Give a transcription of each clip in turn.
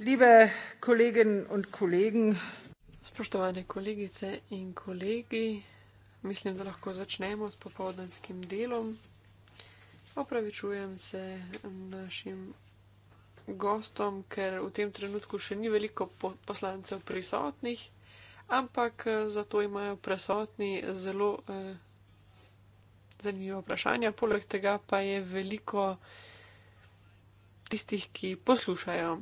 Liebe Kolleginnen und Kollegen, Spoštovane kolegice in kolegi, mislim, da lahko začnemo s popovdanskim delom. Opravičujem se našim gostom, ker v tem trenutku še ni veliko poslancev prisotnih, ampak eh, zato imajo prisotni zelo eh, zanimiva vprašanja. Poleg tega pa je veliko eh, tistih, ki poslušajo.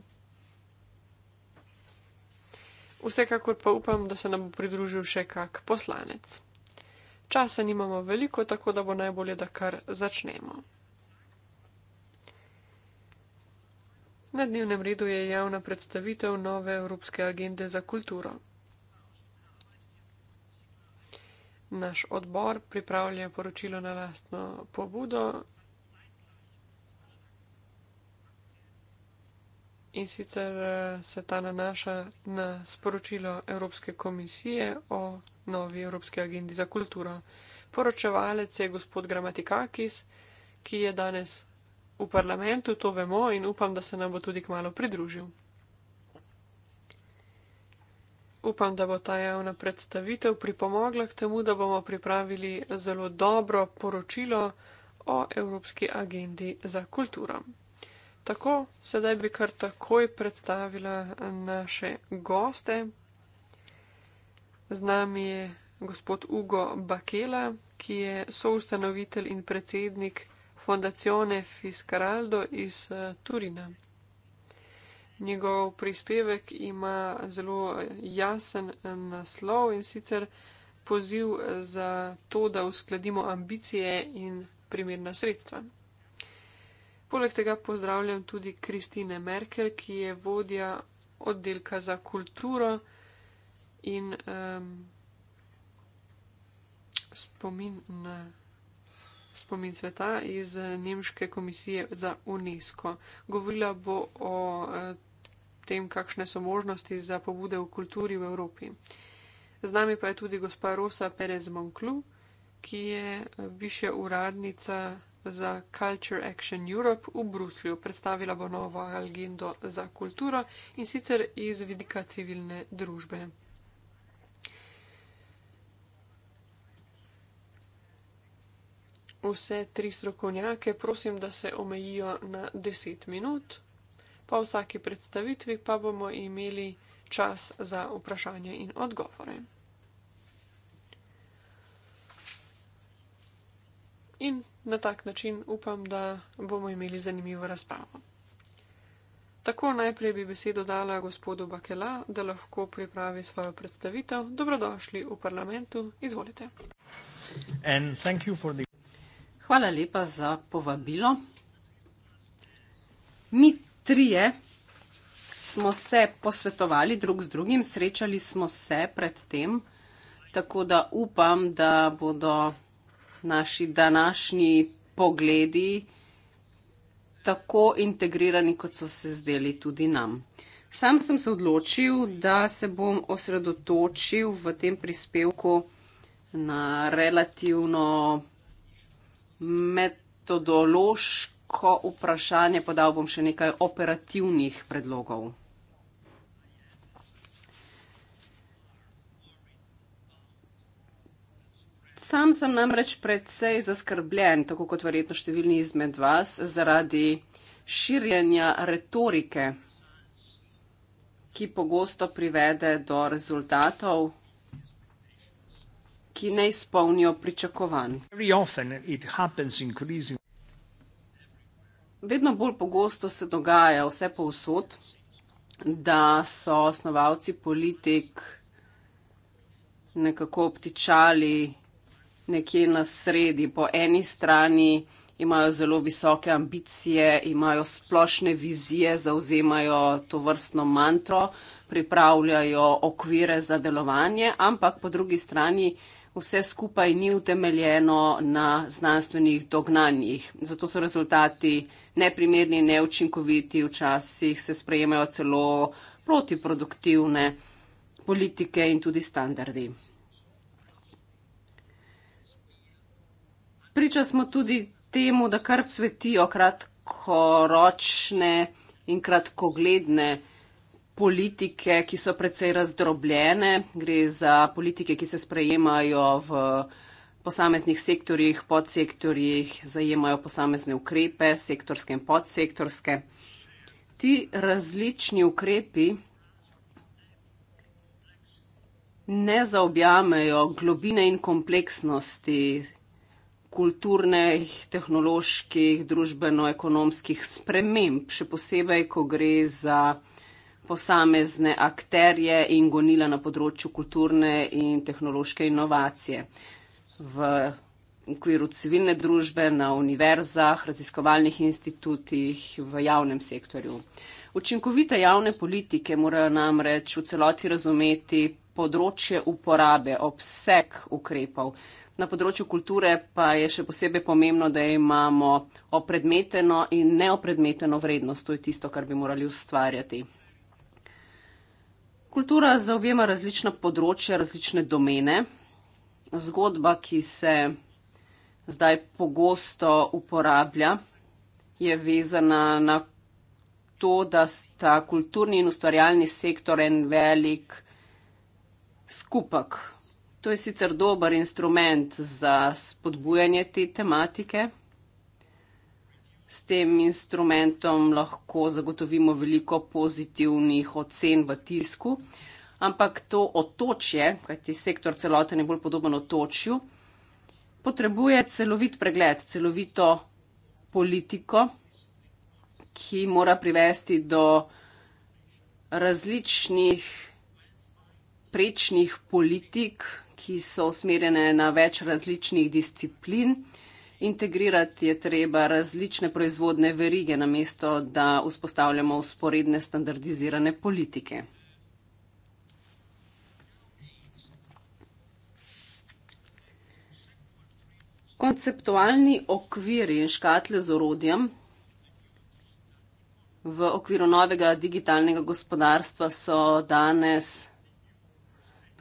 Vsekakor pa upam, da se nam bo pridružil še kak poslanec. Časa nimamo veliko, tako da bo najbolje, da kar začnemo. Na dnevnem redu je javna predstavitev nove Evropske agende za kulturo. Naš odbor pripravlja poročilo na lastno pobudo in sicer eh, se ta nanaša na sporočilo Evropske komisije o novi Evropski agendi za kulturo. Poročevalec je gospod Gramatikakis, ki je danes v parlamentu, to vemo in upam, da se nam bo tudi kmalo pridružil. Upam, da bo ta javna predstavitev pripomogla k temu, da bomo pripravili zelo dobro poročilo o Evropski agendi za kulturo. Tako, sedaj bi kar takoj predstavila naše goste. Z nami je gospod Ugo Bakela, ki je soustanovitelj in predsednik Fondacione Fiskaraldo iz eh, Turina. Njegov prispevek ima zelo jasen eh, naslov in sicer poziv za to, da uskladimo ambicije in primerna sredstva. Poleg tega pozdravljam tudi Kristine Merkel, ki je vodja oddelka za kulturo in um, spomin, na, spomin sveta iz Nemške komisije za UNESCO. Govorila bo o uh, tem, kakšne so možnosti za pobude v kulturi v Evropi. Z nami pa je tudi gospa Rosa Perez Monklu, ki je e, višja uradnica za Culture Action Europe v Bruslju. Predstavila bo novo agendo za kulturo in sicer iz vidika civilne družbe. Vse tri strokovnjake prosim, da se omejijo na 10 minut, po vsaki predstavitvi pa bomo imeli čas za vprašanje in odgovore. in na tak način upam, da bomo imeli zanimivo razpravo. Tako najprej bi besedo dala gospodu Bakela, da lahko pripravi svojo predstavitev. Dobrodošli v parlamentu, izvolite. The... Hvala lepa za povabilo. Mi trije smo se posvetovali drug z drugim, srečali smo se predtem, tako da upam, da bodo naši današnji pogledi tako integrirani, kot so se zdeli tudi nam. Sam sem se odločil, da se bom osredotočil v tem prispevku na relativno metodološko vprašanje, podal bom še nekaj operativnih predlogov. Sam sem namreč predvsej zaskrbljen, tako kot verjetno številni izmed vas, zaradi širjenja retorike, ki pogosto privede do rezultatov. Ki ne izpolnijo pričakovanj. Vedno bolj pogosto se dogaja vse povsod, da so osnovalci politik nekako obtičali nekje na sredi. Po eni strani imajo zelo visoke ambicije, imajo splošne vizije, zauzemajo to vrstno mantro, pripravljajo okvire za delovanje, ampak po drugi strani vse skupaj ni utemeljeno na znanstvenih dognanjih. Zato so rezultati neprimerni, neučinkoviti, včasih se sprejemajo celo protiproduktivne politike in tudi standardi. Priča smo tudi temu, da kar cvetijo kratkoročne in kratkogledne politike, ki so precej razdrobljene. Gre za politike, ki se sprejemajo v posameznih sektorjih, podsektorjih, zajemajo posamezne ukrepe, sektorske in podsektorske. Ti različni ukrepi ne zaobjamejo globine in kompleksnosti kulturnih, tehnoloških, družbeno-ekonomskih sprememb, še posebej, ko gre za posamezne akterje in gonila na področju kulturne in tehnološke inovacije. V okviru civilne družbe, na univerzah, raziskovalnih institutih, v javnem sektorju. Učinkovite javne politike morajo namreč v celoti razumeti področje uporabe, obseg ukrepov, Na področju kulture pa je še posebej pomembno, da imamo opredmeteno in neopredmeteno vrednost. To je tisto, kar bi morali ustvarjati. Kultura zaobjema različna področja, različne domene. Zgodba, ki se zdaj pogosto uporablja, je vezana na to, da sta kulturni in ustvarjalni sektor en velik skupek To je sicer dober instrument za spodbujanje te tematike. S tem instrumentom lahko zagotovimo veliko pozitivnih ocen v tisku, ampak to otočje, kajti sektor celoten je bolj podoben otočju, potrebuje celovit pregled, celovito politiko, ki mora privesti do različnih prečnih politik ki so usmerjene na več različnih disciplin. Integrirati je treba različne proizvodne verige na mesto, da vzpostavljamo usporedne standardizirane politike. Konceptualni okviri in škatle z orodjem v okviru novega digitalnega gospodarstva so danes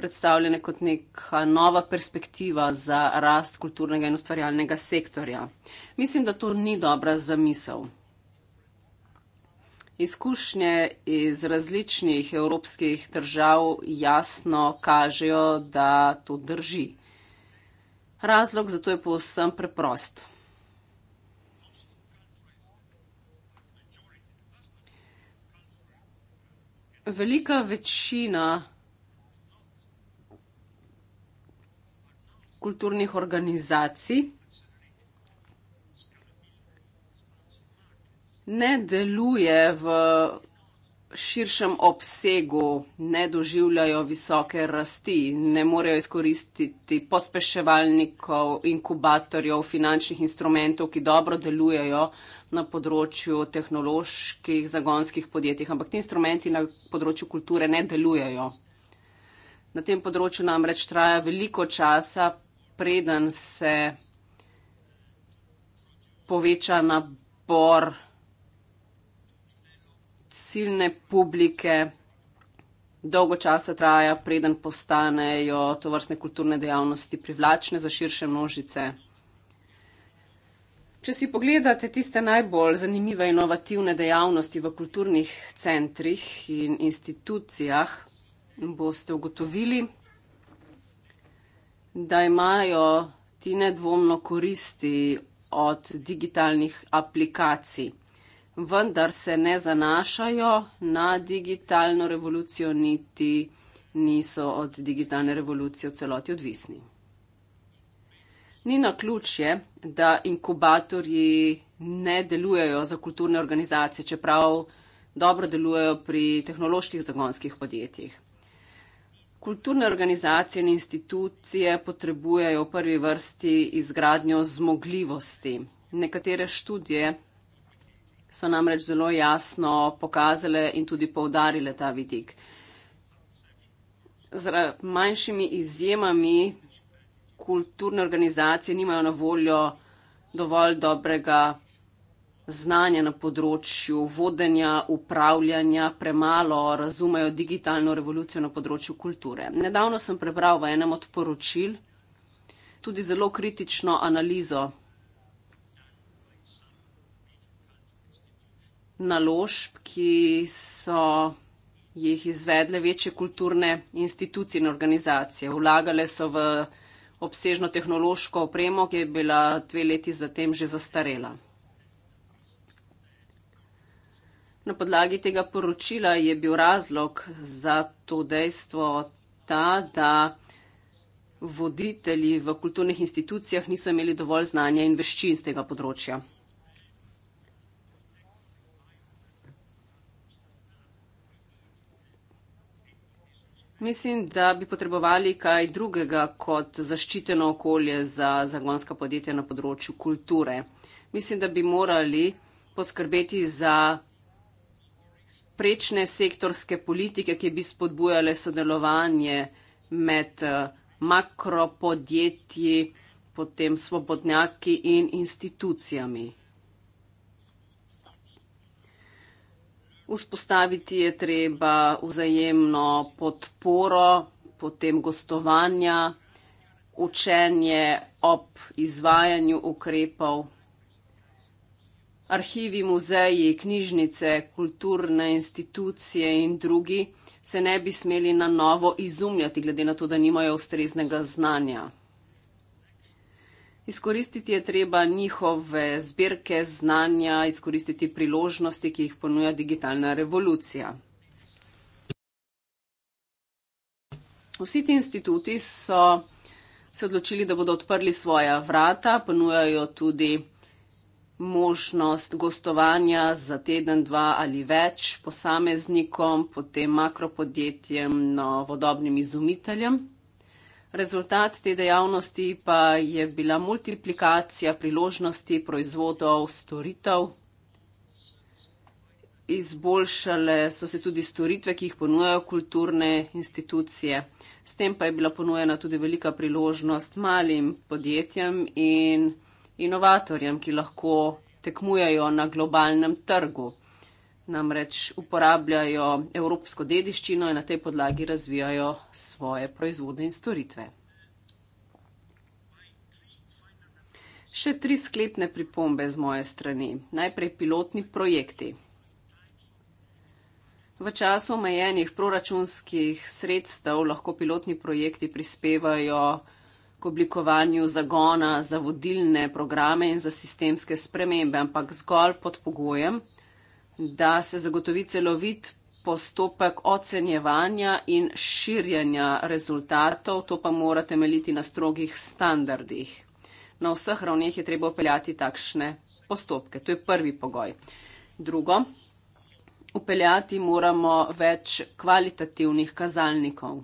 predstavljene kot neka nova perspektiva za rast kulturnega in ustvarjalnega sektorja. Mislim, da to ni dobra zamisel. Izkušnje iz različnih evropskih držav jasno kažejo, da to drži. Razlog za to je povsem preprost. Velika večina kulturnih organizacij ne deluje v širšem obsegu, ne doživljajo visoke rasti, ne morejo izkoristiti pospeševalnikov, inkubatorjev, finančnih instrumentov, ki dobro delujejo na področju tehnoloških zagonskih podjetij, ampak ti instrumenti na področju kulture ne delujejo. Na tem področju namreč traja veliko časa, preden se poveča nabor ciljne publike, dolgo časa traja, preden postanejo to vrstne kulturne dejavnosti privlačne za širše množice. Če si pogledate tiste najbolj zanimive inovativne dejavnosti v kulturnih centrih in institucijah, boste ugotovili, da imajo ti nedvomno koristi od digitalnih aplikacij, vendar se ne zanašajo na digitalno revolucijo, niti niso od digitalne revolucije v celoti odvisni. Ni na ključje, da inkubatorji ne delujejo za kulturne organizacije, čeprav dobro delujejo pri tehnoloških zagonskih podjetjih. Kulturne organizacije in institucije potrebujejo v prvi vrsti izgradnjo zmogljivosti. Nekatere študije so namreč zelo jasno pokazale in tudi povdarile ta vidik. Z manjšimi izjemami kulturne organizacije nimajo na voljo dovolj dobrega znanje na področju vodenja, upravljanja, premalo razumejo digitalno revolucijo na področju kulture. Nedavno sem prebral v enem od poročil tudi zelo kritično analizo naložb, ki so jih izvedle večje kulturne institucije in organizacije. Vlagale so v obsežno tehnološko opremo, ki je bila dve leti zatem že zastarela. Na podlagi tega poročila je bil razlog za to dejstvo ta, da voditelji v kulturnih institucijah niso imeli dovolj znanja in veščin z tega področja. Mislim, da bi potrebovali kaj drugega kot zaščiteno okolje za zagonska podjetja na področju kulture. Mislim, da bi morali poskrbeti za prečne sektorske politike, ki bi spodbujale sodelovanje med eh, makropodjetji, potem svobodnjaki in institucijami. Vzpostaviti je treba vzajemno podporo, potem gostovanja, učenje ob izvajanju ukrepov arhivi, muzeji, knjižnice, kulturne institucije in drugi se ne bi smeli na novo izumljati, glede na to, da nimajo ustreznega znanja. Izkoristiti je treba njihove zbirke znanja, izkoristiti priložnosti, ki jih ponuja digitalna revolucija. Vsi ti instituti so se odločili, da bodo odprli svoja vrata, ponujajo tudi možnost gostovanja za teden, dva ali več posameznikom, potem makropodjetjem, novodobnim izumiteljem. Rezultat te dejavnosti pa je bila multiplikacija priložnosti proizvodov, storitev. Izboljšale so se tudi storitve, ki jih ponujajo kulturne institucije. S tem pa je bila ponujena tudi velika priložnost malim podjetjem in podjetjem inovatorjem, ki lahko tekmujejo na globalnem trgu. Namreč uporabljajo evropsko dediščino in na tej podlagi razvijajo svoje proizvode in storitve. Še tri sklepne pripombe z moje strani. Najprej pilotni projekti. V času omejenih proračunskih sredstev lahko pilotni projekti prispevajo k oblikovanju zagona za vodilne programe in za sistemske spremembe, ampak zgolj pod pogojem, da se zagotovi celovit postopek ocenjevanja in širjanja rezultatov, to pa mora temeljiti na strogih standardih. Na vseh ravneh je treba upeljati takšne postopke. To je prvi pogoj. Drugo, upeljati moramo več kvalitativnih kazalnikov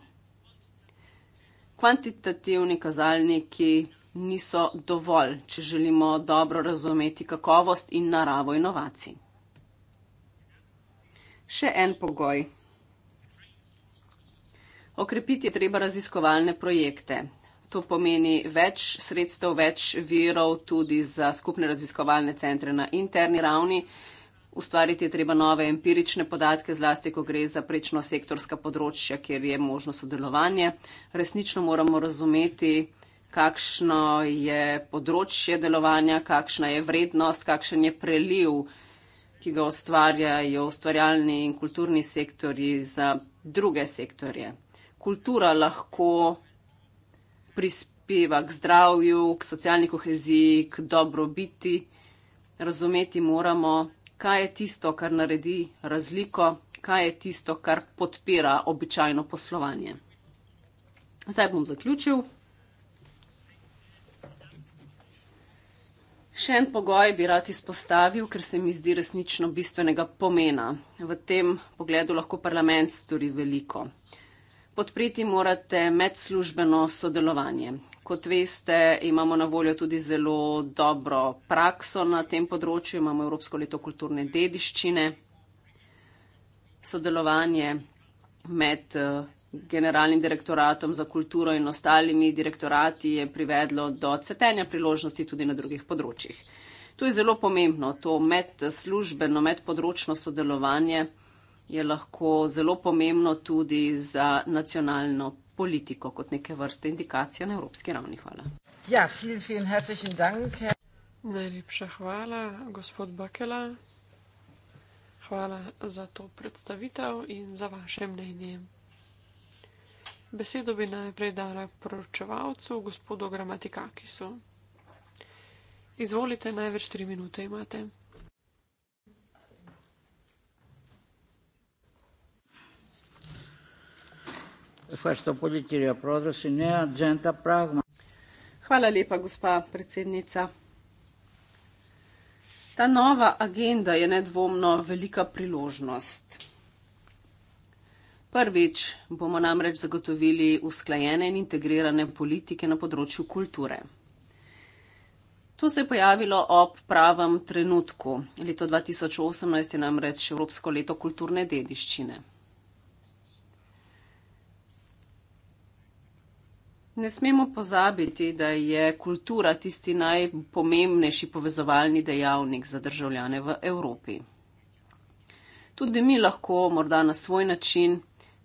kvantitativni kazalniki niso dovolj, če želimo dobro razumeti kakovost in naravo inovacij. Še en pogoj. Okrepiti je treba raziskovalne projekte. To pomeni več sredstev, več virov tudi za skupne raziskovalne centre na interni ravni. Ustvariti je treba nove empirične podatke, zlasti ko gre za prečno sektorska področja, kjer je možno sodelovanje. Resnično moramo razumeti, kakšno je področje delovanja, kakšna je vrednost, kakšen je preliv, ki ga ustvarjajo ustvarjalni in kulturni sektori za druge sektorje. Kultura lahko prispeva k zdravju, k socialni koheziji, k dobrobiti. Razumeti moramo, kaj je tisto, kar naredi razliko, kaj je tisto, kar podpira običajno poslovanje. Zdaj bom zaključil. Še en pogoj bi rad izpostavil, ker se mi zdi resnično bistvenega pomena. V tem pogledu lahko parlament stori veliko. Podpreti morate medslužbeno sodelovanje. Kot veste, imamo na voljo tudi zelo dobro prakso na tem področju, imamo Evropsko leto kulturne dediščine, sodelovanje med eh, Generalnim direktoratom za kulturo in ostalimi direktorati je privedlo do cvetenja priložnosti tudi na drugih področjih. To je zelo pomembno, to medslužbeno, medpodročno sodelovanje je lahko zelo pomembno tudi za nacionalno politiko, kot neke vrste indikacija na evropski ravni. Hvala. Ja, vielen, vielen herzlichen Dank. Najlepša hvala, gospod Bakela. Hvala za to predstavitev in za vaše mnenje. Besedo bi najprej dala poročevalcu, gospodu Gramatikakisu. Izvolite, največ tri minute imate. Hvala lepa, gospa predsednica. Ta nova agenda je nedvomno velika priložnost. Prvič bomo namreč zagotovili usklajene in integrirane politike na področju kulture. To se je pojavilo ob pravem trenutku. Leto 2018 je namreč Evropsko leto kulturne dediščine. Ne smemo pozabiti, da je kultura tisti najpomembnejši povezovalni dejavnik za državljane v Evropi. Tudi mi lahko morda na svoj način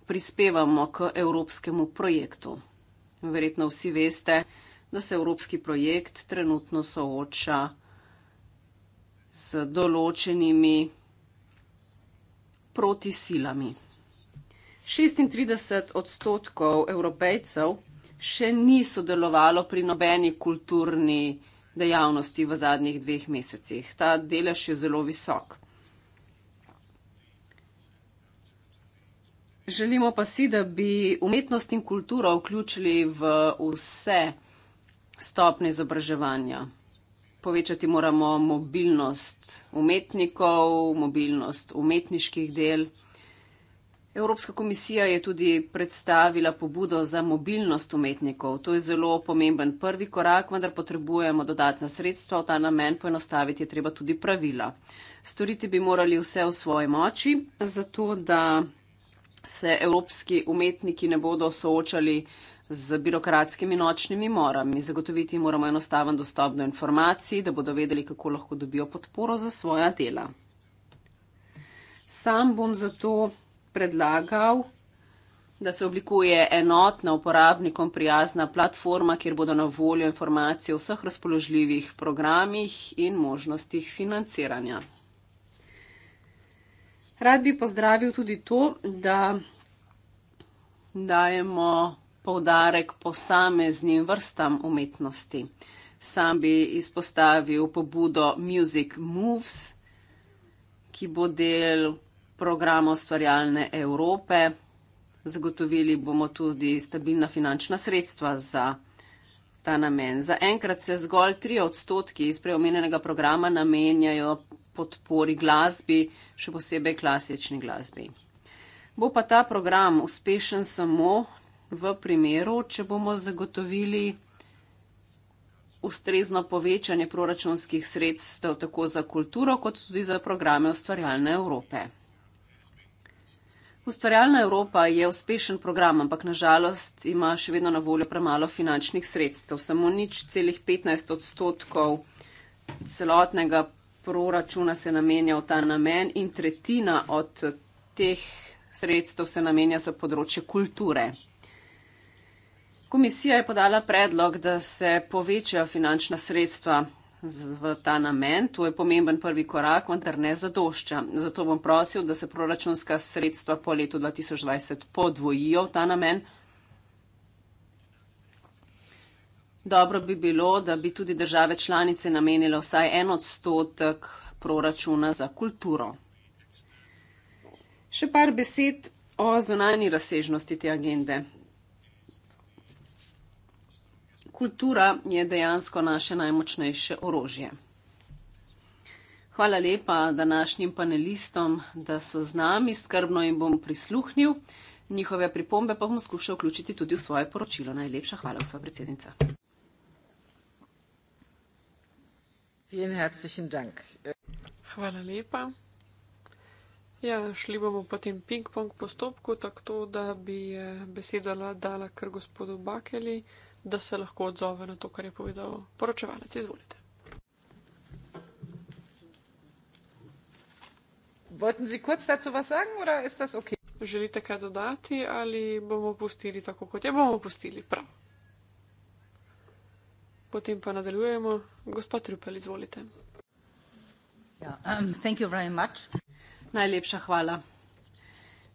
prispevamo k evropskemu projektu. Verjetno vsi veste, da se evropski projekt trenutno sooča z določenimi protisilami. 36 odstotkov evropejcev še ni sodelovalo pri nobeni kulturni dejavnosti v zadnjih dveh mesecih. Ta delež je zelo visok. Želimo pa si, da bi umetnost in kulturo vključili v vse stopne izobraževanja. Povečati moramo mobilnost umetnikov, mobilnost umetniških del. Evropska komisija je tudi predstavila pobudo za mobilnost umetnikov. To je zelo pomemben prvi korak, vendar potrebujemo dodatna sredstva. V ta namen poenostaviti je treba tudi pravila. Storiti bi morali vse v svoji moči, zato da se evropski umetniki ne bodo soočali z birokratskimi nočnimi morami. Zagotoviti moramo enostaven dostop do informacij, da bodo vedeli, kako lahko dobijo podporo za svoja dela. Sam bom zato predlagal, da se oblikuje enotna uporabnikom prijazna platforma, kjer bodo na voljo informacije o vseh razpoložljivih programih in možnostih financiranja. Rad bi pozdravil tudi to, da dajemo povdarek posameznim vrstam umetnosti. Sam bi izpostavil pobudo Music Moves, ki bo del programa ustvarjalne Evrope. Zagotovili bomo tudi stabilna finančna sredstva za ta namen. Za enkrat se zgolj tri odstotki iz preomenjenega programa namenjajo podpori glasbi, še posebej klasični glasbi. Bo pa ta program uspešen samo v primeru, če bomo zagotovili ustrezno povečanje proračunskih sredstev tako za kulturo, kot tudi za programe ustvarjalne Evrope. Ustvarjalna Evropa je uspešen program, ampak nažalost ima še vedno na voljo premalo finančnih sredstev. Samo nič celih 15 odstotkov celotnega proračuna se namenja v ta namen in tretjina od teh sredstev se namenja za področje kulture. Komisija je podala predlog, da se povečajo finančna sredstva v ta namen. To je pomemben prvi korak, vendar ne zadošča. Zato bom prosil, da se proračunska sredstva po letu 2020 podvojijo v ta namen. Dobro bi bilo, da bi tudi države članice namenile vsaj en odstotek proračuna za kulturo. Še par besed o zunanji razsežnosti te agende kultura je dejansko naše najmočnejše orožje. Hvala lepa današnjim panelistom, da so z nami, skrbno jim bom prisluhnil. Njihove pripombe pa bom skušal vključiti tudi v svoje poročilo. Najlepša hvala, gospa predsednica. Hvala lepa. Ja, šli bomo po tem ping-pong postopku, tako da bi eh, besedala dala kar gospodu Bakeli da se lahko odzove na to, kar je povedal poročevalec. Izvolite. Želite kaj dodati ali bomo pustili tako, kot je? Bomo pustili, prav. Potem pa nadaljujemo. Gospod Trupel, izvolite. Ja, um, Najlepša hvala.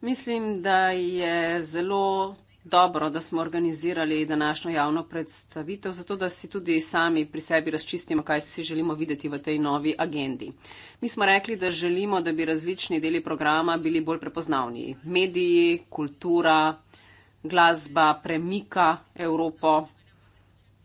Mislim, da je zelo dobro, da smo organizirali današnjo javno predstavitev, zato da si tudi sami pri sebi razčistimo, kaj si želimo videti v tej novi agendi. Mi smo rekli, da želimo, da bi različni deli programa bili bolj prepoznavni. Mediji, kultura, glasba premika Evropo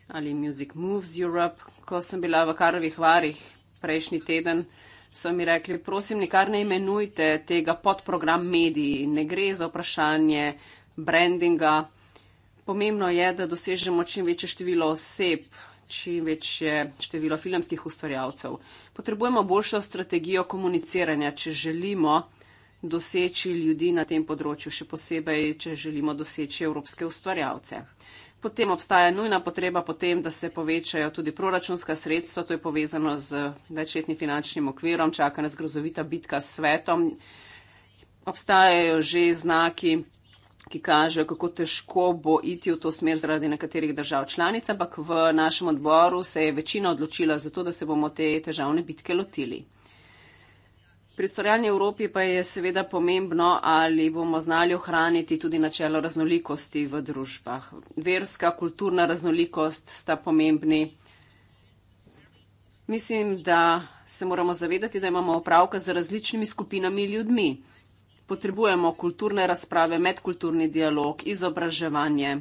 ali Music Moves Europe. Ko sem bila v Karovih varih prejšnji teden, so mi rekli, prosim, nikar ne imenujte tega podprogram mediji. Ne gre za vprašanje brandinga. Pomembno je, da dosežemo čim večje število oseb, čim večje število filmskih ustvarjalcev. Potrebujemo boljšo strategijo komuniciranja, če želimo doseči ljudi na tem področju, še posebej, če želimo doseči evropske ustvarjalce. Potem obstaja nujna potreba potem, da se povečajo tudi proračunska sredstva, to je povezano z večletnim finančnim okvirom, čaka nas grozovita bitka s svetom. Obstajajo že znaki in ki kažejo, kako težko bo iti v to smer zaradi nekaterih držav članic, ampak v našem odboru se je večina odločila za to, da se bomo te težavne bitke lotili. Pri ustvarjanju Evropi pa je seveda pomembno, ali bomo znali ohraniti tudi načelo raznolikosti v družbah. Verska, kulturna raznolikost sta pomembni. Mislim, da se moramo zavedati, da imamo opravka z različnimi skupinami ljudmi potrebujemo kulturne razprave, medkulturni dialog, izobraževanje.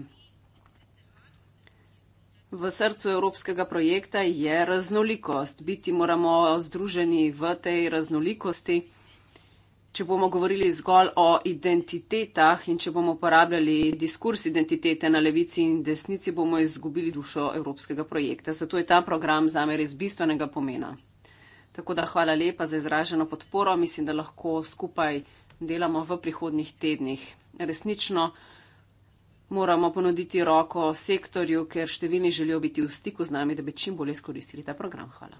V srcu evropskega projekta je raznolikost. Biti moramo združeni v tej raznolikosti. Če bomo govorili zgolj o identitetah in če bomo uporabljali diskurs identitete na levici in desnici, bomo izgubili dušo evropskega projekta. Zato je ta program za me res bistvenega pomena. Tako da hvala lepa za izraženo podporo. Mislim, da lahko skupaj delamo v prihodnih tednih. Resnično moramo ponuditi roko sektorju, ker številni želijo biti v stiku z nami, da bi čim bolje izkoristili ta program. Hvala.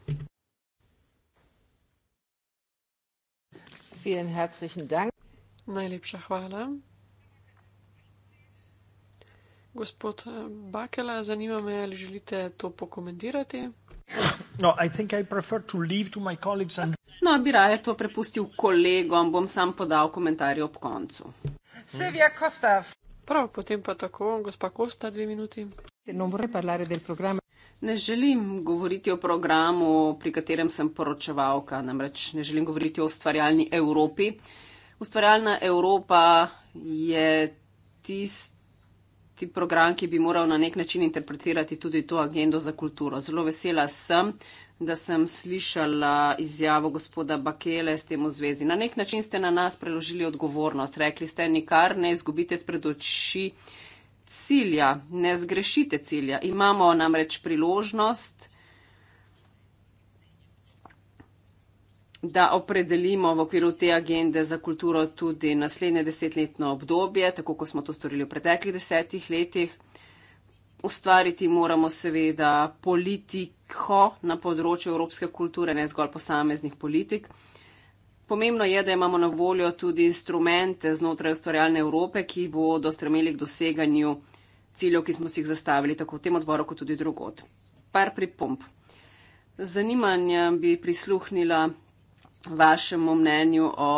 Najlepša hvala. Gospod Bakela, zanima me, ali želite to pokomentirati? No, I think I prefer to leave to my colleagues and No, bi raje to prepustil kolegom, bom sam podal komentarje ob koncu. Silvija Kostav. Prav, potem pa tako, gospa Kosta, dve minuti. Ne želim govoriti o programu, pri katerem sem poročevalka, namreč ne želim govoriti o ustvarjalni Evropi. Ustvarjalna Evropa je tisti program, ki bi moral na nek način interpretirati tudi to agendo za kulturo. Zelo vesela sem, da sem slišala izjavo gospoda Bakele s tem v zvezi. Na nek način ste na nas preložili odgovornost. Rekli ste, nikar ne izgubite spred oči cilja, ne zgrešite cilja. Imamo namreč priložnost, da opredelimo v okviru te agende za kulturo tudi naslednje desetletno obdobje, tako kot smo to storili v preteklih desetih letih. Ustvariti moramo seveda politik, veliko na področju evropske kulture, ne zgolj posameznih politik. Pomembno je, da imamo na voljo tudi instrumente znotraj ustvarjalne Evrope, ki bodo stremeli k doseganju ciljev, ki smo si jih zastavili tako v tem odboru, kot tudi drugot. Par pripomp. Zanimanja bi prisluhnila vašemu mnenju o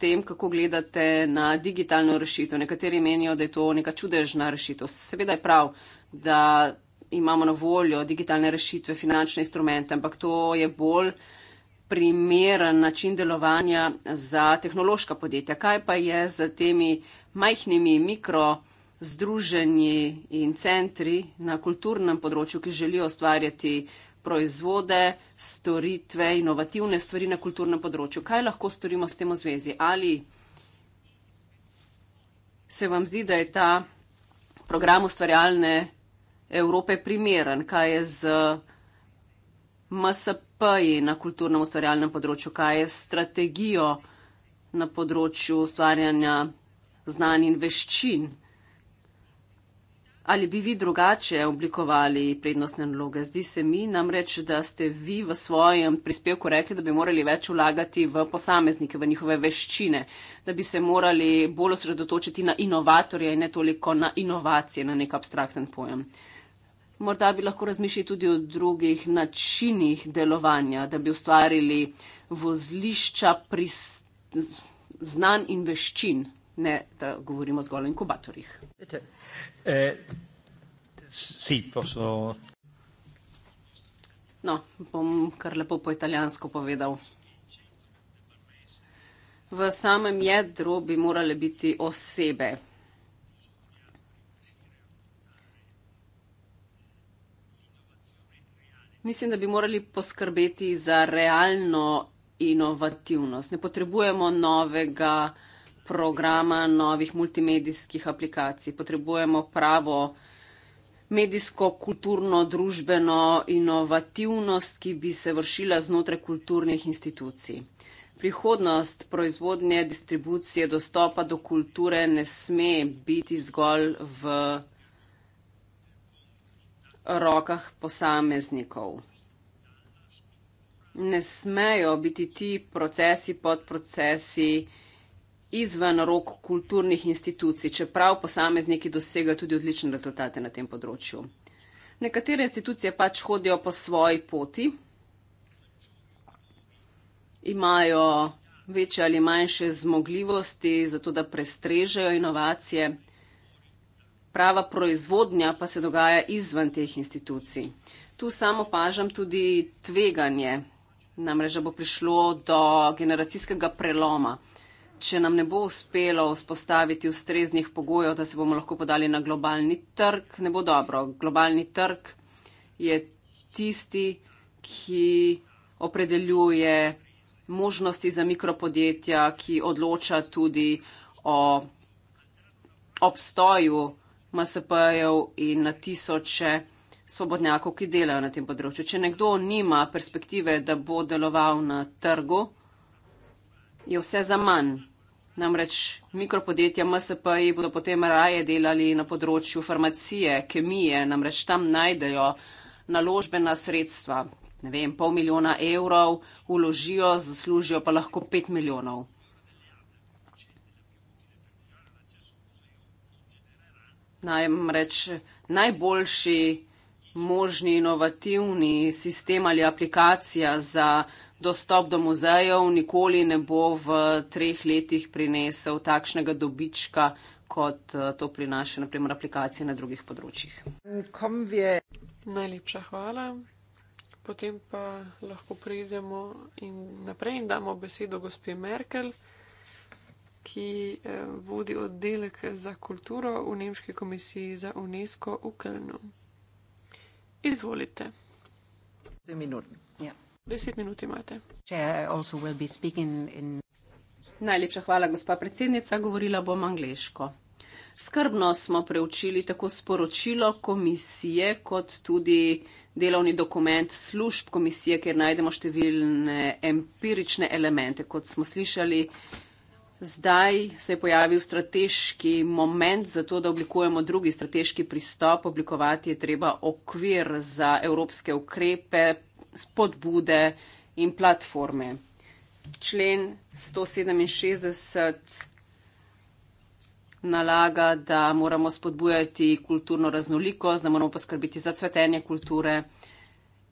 tem, kako gledate na digitalno rešitev. Nekateri menijo, da je to neka čudežna rešitev. Seveda je prav, da imamo na voljo digitalne rešitve, finančne instrumente, ampak to je bolj primeren način delovanja za tehnološka podjetja. Kaj pa je z temi majhnimi mikro združenji in centri na kulturnem področju, ki želijo ustvarjati proizvode, storitve, inovativne stvari na kulturnem področju. Kaj lahko storimo s tem v zvezi? Ali se vam zdi, da je ta program ustvarjalne Evrope primeren, kaj je z MSP-ji na kulturnem ustvarjalnem področju, kaj je strategijo na področju ustvarjanja znanj in veščin. Ali bi vi drugače oblikovali prednostne naloge? Zdi se mi namreč, da ste vi v svojem prispevku rekli, da bi morali več vlagati v posameznike, v njihove veščine, da bi se morali bolj osredotočiti na inovatorje in ne toliko na inovacije, na nek abstrakten pojem morda bi lahko razmišljali tudi o drugih načinih delovanja, da bi ustvarili vozlišča pris, znanj in veščin, ne da govorimo zgolj o inkubatorjih. Eh, si, posl... No, bom kar lepo po italijansko povedal. V samem jedru bi morale biti osebe. Mislim, da bi morali poskrbeti za realno inovativnost. Ne potrebujemo novega programa, novih multimedijskih aplikacij, potrebujemo pravo medijsko, kulturno, družbeno inovativnost, ki bi se vršila znotraj kulturnih institucij. Prihodnost proizvodnje, distribucije, dostopa do kulture ne sme biti zgolj v rokah posameznikov. Ne smejo biti ti procesi, podprocesi izven rok kulturnih institucij, čeprav posamezniki dosegajo tudi odlične rezultate na tem področju. Nekatere institucije pač hodijo po svoji poti, imajo večje ali manjše zmogljivosti za to, da prestrežejo inovacije prava proizvodnja pa se dogaja izven teh institucij. Tu samo pažam tudi tveganje, namreč, da bo prišlo do generacijskega preloma. Če nam ne bo uspelo vzpostaviti ustreznih pogojev, da se bomo lahko podali na globalni trg, ne bo dobro. Globalni trg je tisti, ki opredeljuje možnosti za mikropodjetja, ki odloča tudi o obstoju MSP-jev in na tisoče svobodnjakov, ki delajo na tem področju. Če nekdo nima perspektive, da bo deloval na trgu, je vse za manj. Namreč mikropodjetja MSP-ji bodo potem raje delali na področju farmacije, kemije, namreč tam najdejo naložbena sredstva. Ne vem, pol milijona evrov uložijo, zaslužijo pa lahko pet milijonov. Namreč najboljši možni inovativni sistem ali aplikacija za dostop do muzejev nikoli ne bo v treh letih prinesel takšnega dobička, kot eh, to prinaša naprimer aplikacije na drugih področjih. Najlepša hvala. Potem pa lahko prejdemo in naprej in damo besedo gospe Merkel ki eh, vodi oddelek za kulturo v Nemški komisiji za UNESCO v Kölnu. Izvolite. Ja. Deset minut imate. Najlepša hvala, gospa predsednica. Govorila bom angliško. Skrbno smo preučili tako sporočilo komisije, kot tudi delovni dokument služb komisije, kjer najdemo številne empirične elemente, kot smo slišali. Zdaj se je pojavil strateški moment za to, da oblikujemo drugi strateški pristop. Oblikovati je treba okvir za evropske ukrepe, spodbude in platforme. Člen 167 nalaga, da moramo spodbujati kulturno raznolikost, da moramo poskrbiti za cvetenje kulture.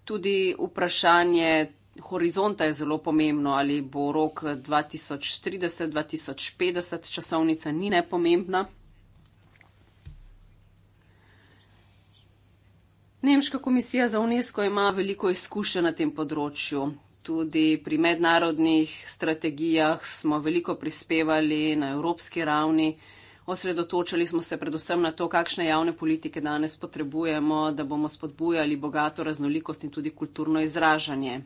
Tudi vprašanje horizonta je zelo pomembno, ali bo rok 2030, 2050, časovnica ni nepomembna. Nemška komisija za UNESCO ima veliko izkušenj na tem področju. Tudi pri mednarodnih strategijah smo veliko prispevali na evropski ravni. Osredotočili smo se predvsem na to, kakšne javne politike danes potrebujemo, da bomo spodbujali bogato raznolikost in tudi kulturno izražanje.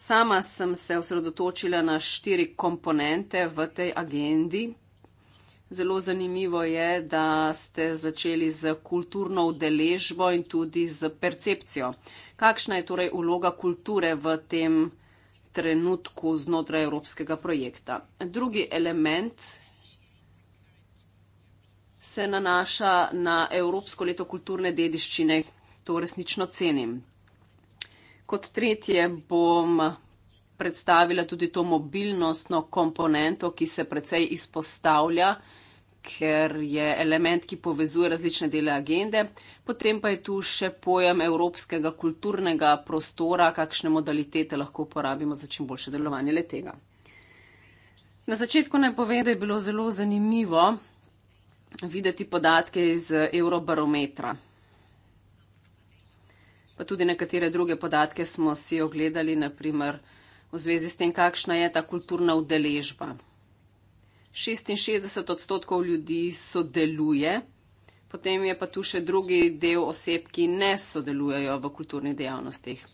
Sama sem se osredotočila na štiri komponente v tej agendi. Zelo zanimivo je, da ste začeli z kulturno udeležbo in tudi z percepcijo. Kakšna je torej uloga kulture v tem trenutku znotraj evropskega projekta? Drugi element se nanaša na Evropsko leto kulturne dediščine. To resnično cenim. Kot tretje bom predstavila tudi to mobilnostno komponento, ki se precej izpostavlja, ker je element, ki povezuje različne dele agende. Potem pa je tu še pojem evropskega kulturnega prostora, kakšne modalitete lahko uporabimo za čim boljše delovanje letega. Na začetku naj povem, da je bilo zelo zanimivo videti podatke iz Eurobarometra pa tudi nekatere druge podatke smo si ogledali, naprimer v zvezi s tem, kakšna je ta kulturna udeležba. 66 odstotkov ljudi sodeluje, potem je pa tu še drugi del oseb, ki ne sodelujejo v kulturnih dejavnostih.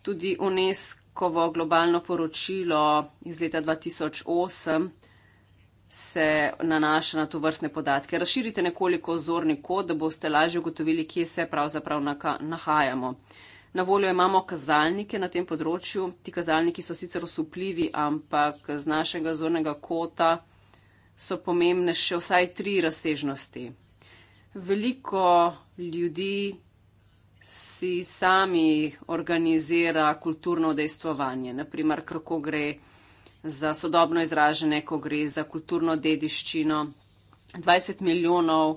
Tudi UNESCO globalno poročilo iz leta 2008 se nanaša na to vrstne podatke. Razširite nekoliko ozorni kod, da boste lažje ugotovili, kje se pravzaprav nahajamo. Na voljo imamo kazalnike na tem področju. Ti kazalniki so sicer osupljivi, ampak z našega zornega kota so pomembne še vsaj tri razsežnosti. Veliko ljudi si sami organizira kulturno dejstvovanje, naprimer kako gre za sodobno izražene, ko gre za kulturno dediščino. 20 milijonov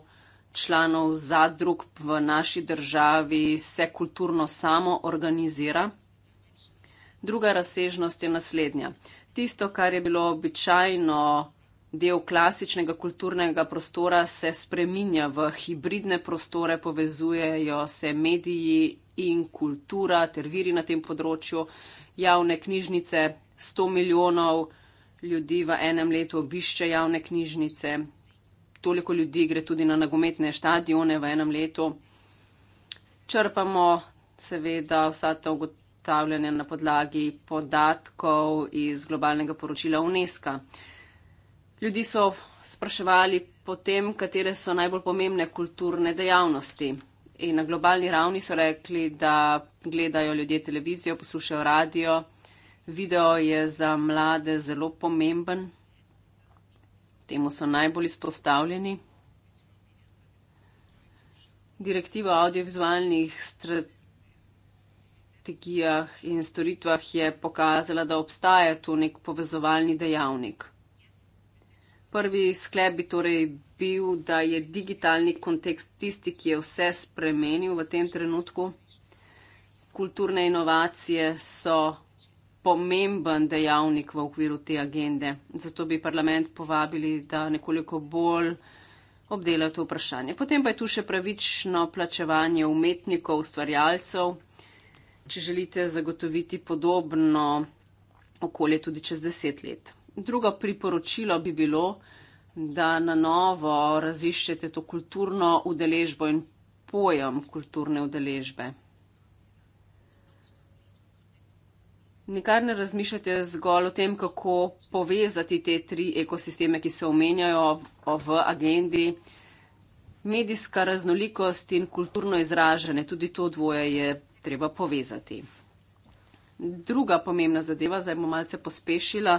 članov zadrug v naši državi se kulturno samo organizira. Druga razsežnost je naslednja. Tisto, kar je bilo običajno del klasičnega kulturnega prostora, se spreminja v hibridne prostore, povezujejo se mediji in kultura ter viri na tem področju, javne knjižnice, 100 milijonov ljudi v enem letu obišče javne knjižnice, toliko ljudi gre tudi na nogometne stadione v enem letu. Črpamo seveda vsa ta ugotavljanja na podlagi podatkov iz globalnega poročila UNESCO. Ljudi so spraševali potem, katere so najbolj pomembne kulturne dejavnosti. In na globalni ravni so rekli, da gledajo ljudje televizijo, poslušajo radio. Video je za mlade zelo pomemben, temu so najbolj izpostavljeni. Direktiva o audiovizualnih strategijah in storitvah je pokazala, da obstaja tu nek povezovalni dejavnik. Prvi sklep bi torej bil, da je digitalni kontekst tisti, ki je vse spremenil v tem trenutku. Kulturne inovacije so pomemben dejavnik v okviru te agende. Zato bi parlament povabili, da nekoliko bolj obdelajo to vprašanje. Potem pa je tu še pravično plačevanje umetnikov, ustvarjalcev, če želite zagotoviti podobno okolje tudi čez deset let. Drugo priporočilo bi bilo, da na novo raziščete to kulturno udeležbo in pojem kulturne udeležbe. Nikar ne razmišljate zgolj o tem, kako povezati te tri ekosisteme, ki se omenjajo v agendi. Medijska raznolikost in kulturno izražanje, tudi to dvoje je treba povezati. Druga pomembna zadeva, zdaj bomo malce pospešila,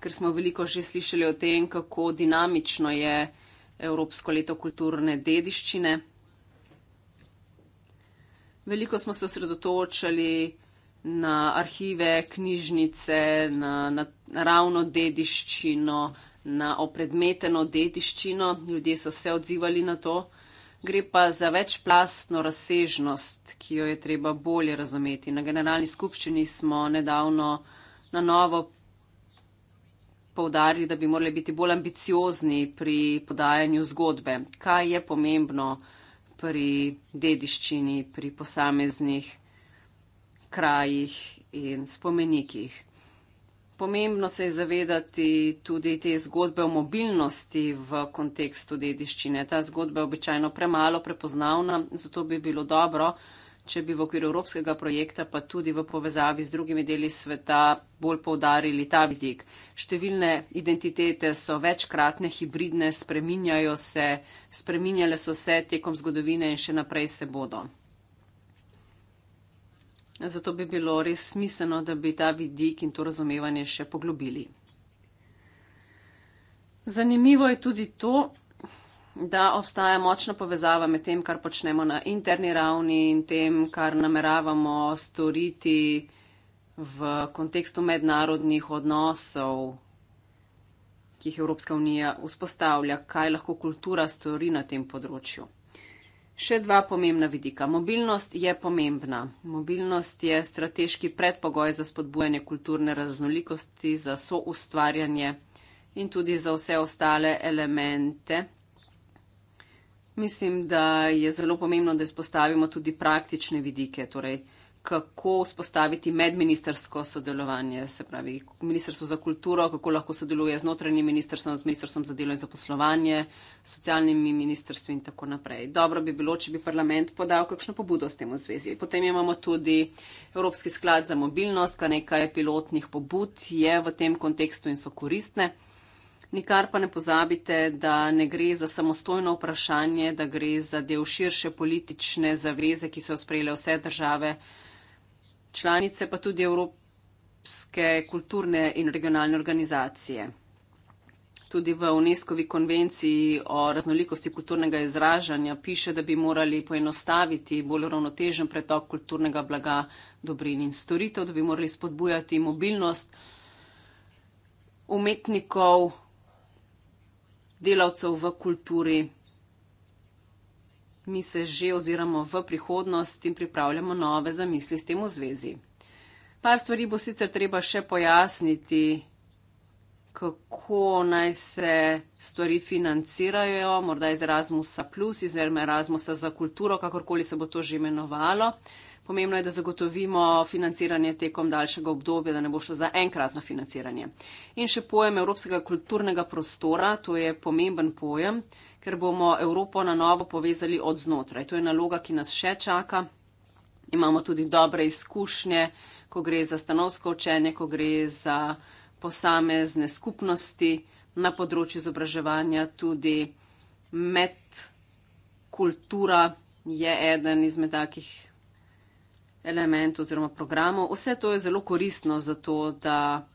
ker smo veliko že slišali o tem, kako dinamično je Evropsko leto kulturne dediščine. Veliko smo se osredotočali na arhive, knjižnice, na, na naravno dediščino, na opredmeteno dediščino. Ljudje so se odzivali na to. Gre pa za večplastno razsežnost, ki jo je treba bolje razumeti. Na generalni skupščini smo nedavno na novo povdarili, da bi morali biti bolj ambiciozni pri podajanju zgodbe. Kaj je pomembno pri dediščini, pri posameznih krajih in spomenikih. Pomembno se je zavedati tudi te zgodbe o mobilnosti v kontekstu dediščine. Ta zgodba je običajno premalo prepoznavna, zato bi bilo dobro, če bi v okviru evropskega projekta, pa tudi v povezavi z drugimi deli sveta, bolj poudarili ta vidik. Številne identitete so večkratne, hibridne, spreminjajo se, spreminjale so se tekom zgodovine in še naprej se bodo. Zato bi bilo res smiselno, da bi ta vidik in to razumevanje še poglobili. Zanimivo je tudi to, da obstaja močna povezava med tem, kar počnemo na interni ravni in tem, kar nameravamo storiti v kontekstu mednarodnih odnosov, ki jih Evropska unija vzpostavlja, kaj lahko kultura stori na tem področju. Še dva pomembna vidika. Mobilnost je pomembna. Mobilnost je strateški predpogoj za spodbujanje kulturne raznolikosti, za soustvarjanje in tudi za vse ostale elemente. Mislim, da je zelo pomembno, da izpostavimo tudi praktične vidike, torej kako vzpostaviti medministersko sodelovanje, se pravi Ministrstvo za kulturo, kako lahko sodeluje z notranjim ministrstvom, z Ministrstvom za delo in zaposlovanje, s socialnimi ministrstvi in tako naprej. Dobro bi bilo, če bi parlament podal kakšno pobudo s tem v zvezi. Potem imamo tudi Evropski sklad za mobilnost, kar nekaj pilotnih pobud je v tem kontekstu in so koristne. Nikar pa ne pozabite, da ne gre za samostojno vprašanje, da gre za del širše politične zaveze, ki so jo sprejele vse države članice, pa tudi evropske kulturne in regionalne organizacije. Tudi v UNESCO-vi konvenciji o raznolikosti kulturnega izražanja piše, da bi morali poenostaviti bolj ravnotežen pretok kulturnega blaga, dobrin in storitev, da bi morali spodbujati mobilnost umetnikov, delavcev v kulturi mi se že oziramo v prihodnost in pripravljamo nove zamisli s tem v zvezi. Par stvari bo sicer treba še pojasniti, kako naj se stvari financirajo, morda iz Erasmusa, iz Erasmusa za kulturo, kakorkoli se bo to že imenovalo. Pomembno je, da zagotovimo financiranje tekom daljšega obdobja, da ne bo šlo za enkratno financiranje. In še pojem evropskega kulturnega prostora, to je pomemben pojem, ker bomo Evropo na novo povezali od znotraj. To je naloga, ki nas še čaka. Imamo tudi dobre izkušnje, ko gre za stanovsko učenje, ko gre za posamezne skupnosti na področju izobraževanja, tudi med kultura je eden izmed takih element oziroma programov. Vse to je zelo koristno za to, da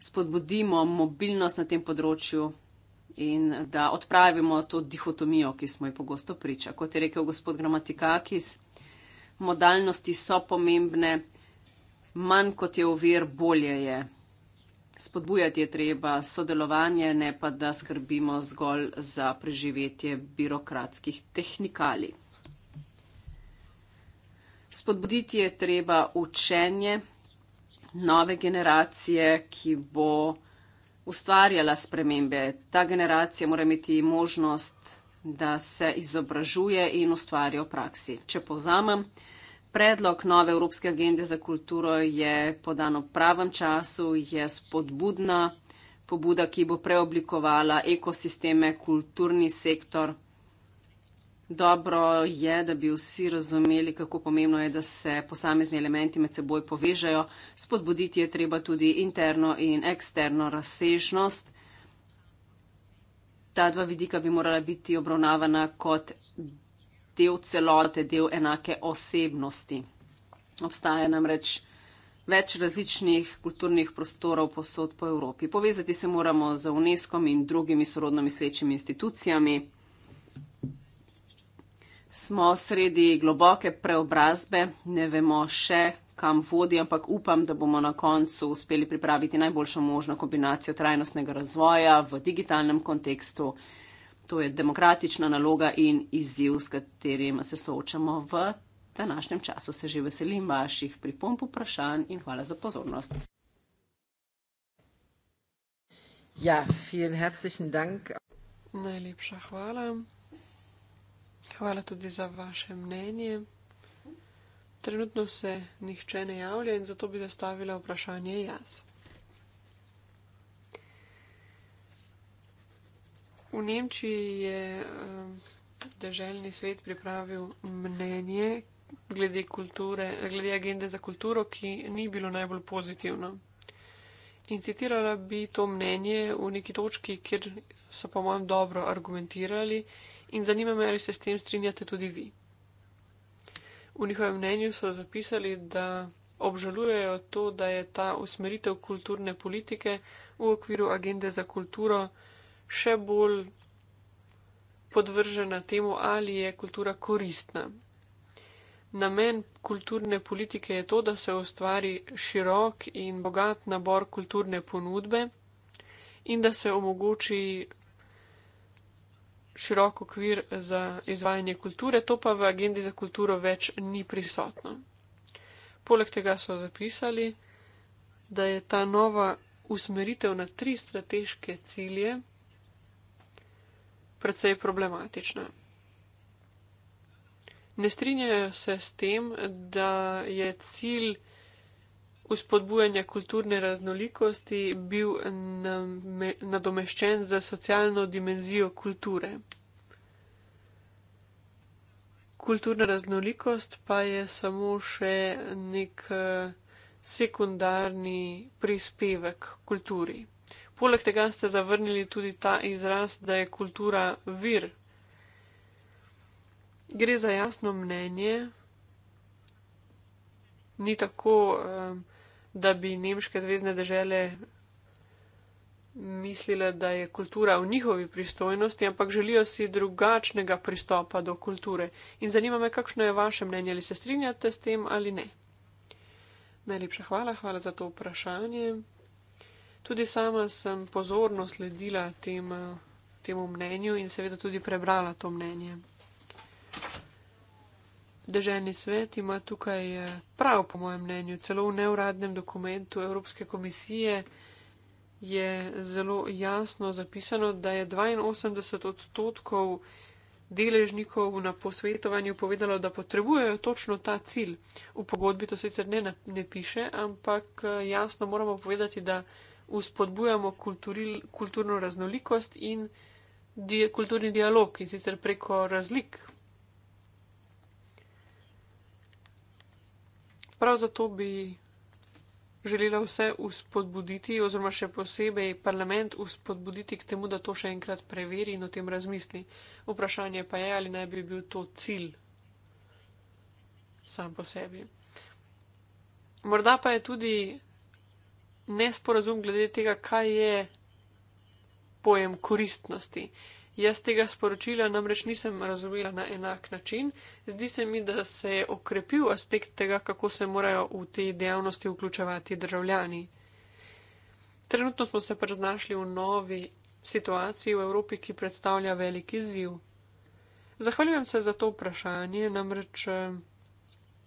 spodbudimo mobilnost na tem področju in da odpravimo to dihotomijo, ki smo jo pogosto priča. Kot je rekel gospod Gramatikakis, modalnosti so pomembne, manj kot je ovir, bolje je. Spodbujati je treba sodelovanje, ne pa da skrbimo zgolj za preživetje birokratskih tehnikali. Spodbuditi je treba učenje nove generacije, ki bo ustvarjala spremembe. Ta generacija mora imeti možnost, da se izobražuje in ustvarja v praksi. Če povzamem, predlog nove Evropske agende za kulturo je podano v pravem času, je spodbudna pobuda, ki bo preoblikovala ekosisteme, kulturni sektor. Dobro je, da bi vsi razumeli, kako pomembno je, da se posamezni elementi med seboj povežejo. Spodbuditi je treba tudi interno in eksterno razsežnost. Ta dva vidika bi morala biti obravnavana kot del celote, del enake osebnosti. Obstaja namreč več različnih kulturnih prostorov posod po Evropi. Povezati se moramo z UNESCO in drugimi sorodno mislečimi institucijami smo sredi globoke preobrazbe, ne vemo še, kam vodi, ampak upam, da bomo na koncu uspeli pripraviti najboljšo možno kombinacijo trajnostnega razvoja v digitalnem kontekstu. To je demokratična naloga in izziv, s katerim se soočamo v današnjem času. Se že veselim vaših pripomp, vprašanj in hvala za pozornost. Ja, vielen herzlichen Dank. Najlepša hvala. Hvala tudi za vaše mnenje. Trenutno se nihče ne javlja in zato bi zastavila vprašanje jaz. V Nemčiji je eh, državni svet pripravil mnenje glede, kulture, glede agende za kulturo, ki ni bilo najbolj pozitivno. In citirala bi to mnenje v neki točki, kjer so po mojem dobro argumentirali in zanima me, ali se s tem strinjate tudi vi. V njihovem mnenju so zapisali, da obžalujejo to, da je ta usmeritev kulturne politike v okviru agende za kulturo še bolj podvržena temu, ali je kultura koristna. Namen kulturne politike je to, da se ustvari širok in bogat nabor kulturne ponudbe in da se omogoči širok okvir za izvajanje kulture, to pa v agendi za kulturo več ni prisotno. Poleg tega so zapisali, da je ta nova usmeritev na tri strateške cilje precej problematična. Ne strinjajo se s tem, da je cilj vzpodbujanja kulturne raznolikosti bil nadomeščen za socialno dimenzijo kulture. Kulturna raznolikost pa je samo še nek sekundarni prispevek kulturi. Poleg tega ste zavrnili tudi ta izraz, da je kultura vir. Gre za jasno mnenje, ni tako um, da bi nemške zvezdne dežele mislile, da je kultura v njihovi pristojnosti, ampak želijo si drugačnega pristopa do kulture. In zanima me, kakšno je vaše mnenje, ali se strinjate s tem ali ne. Najlepša hvala, hvala za to vprašanje. Tudi sama sem pozorno sledila tem, temu mnenju in seveda tudi prebrala to mnenje. Državni svet ima tukaj eh, prav, po mojem mnenju, celo v neuradnem dokumentu Evropske komisije je zelo jasno zapisano, da je 82 odstotkov deležnikov na posvetovanju povedalo, da potrebujejo točno ta cilj. V pogodbi to sicer ne, ne piše, ampak eh, jasno moramo povedati, da uspodbujamo kulturil, kulturno raznolikost in di, kulturni dialog in sicer preko razlik Prav zato bi želela vse uspodbuditi, oziroma še posebej parlament uspodbuditi k temu, da to še enkrat preveri in o tem razmisli. Vprašanje pa je, ali naj bi bil to cilj sam po sebi. Morda pa je tudi nesporazum glede tega, kaj je pojem koristnosti. Jaz tega sporočila namreč nisem razumela na enak način. Zdi se mi, da se je okrepil aspekt tega, kako se morajo v te dejavnosti vključevati državljani. Trenutno smo se pač znašli v novi situaciji v Evropi, ki predstavlja veliki ziv. Zahvaljujem se za to vprašanje, namreč eh,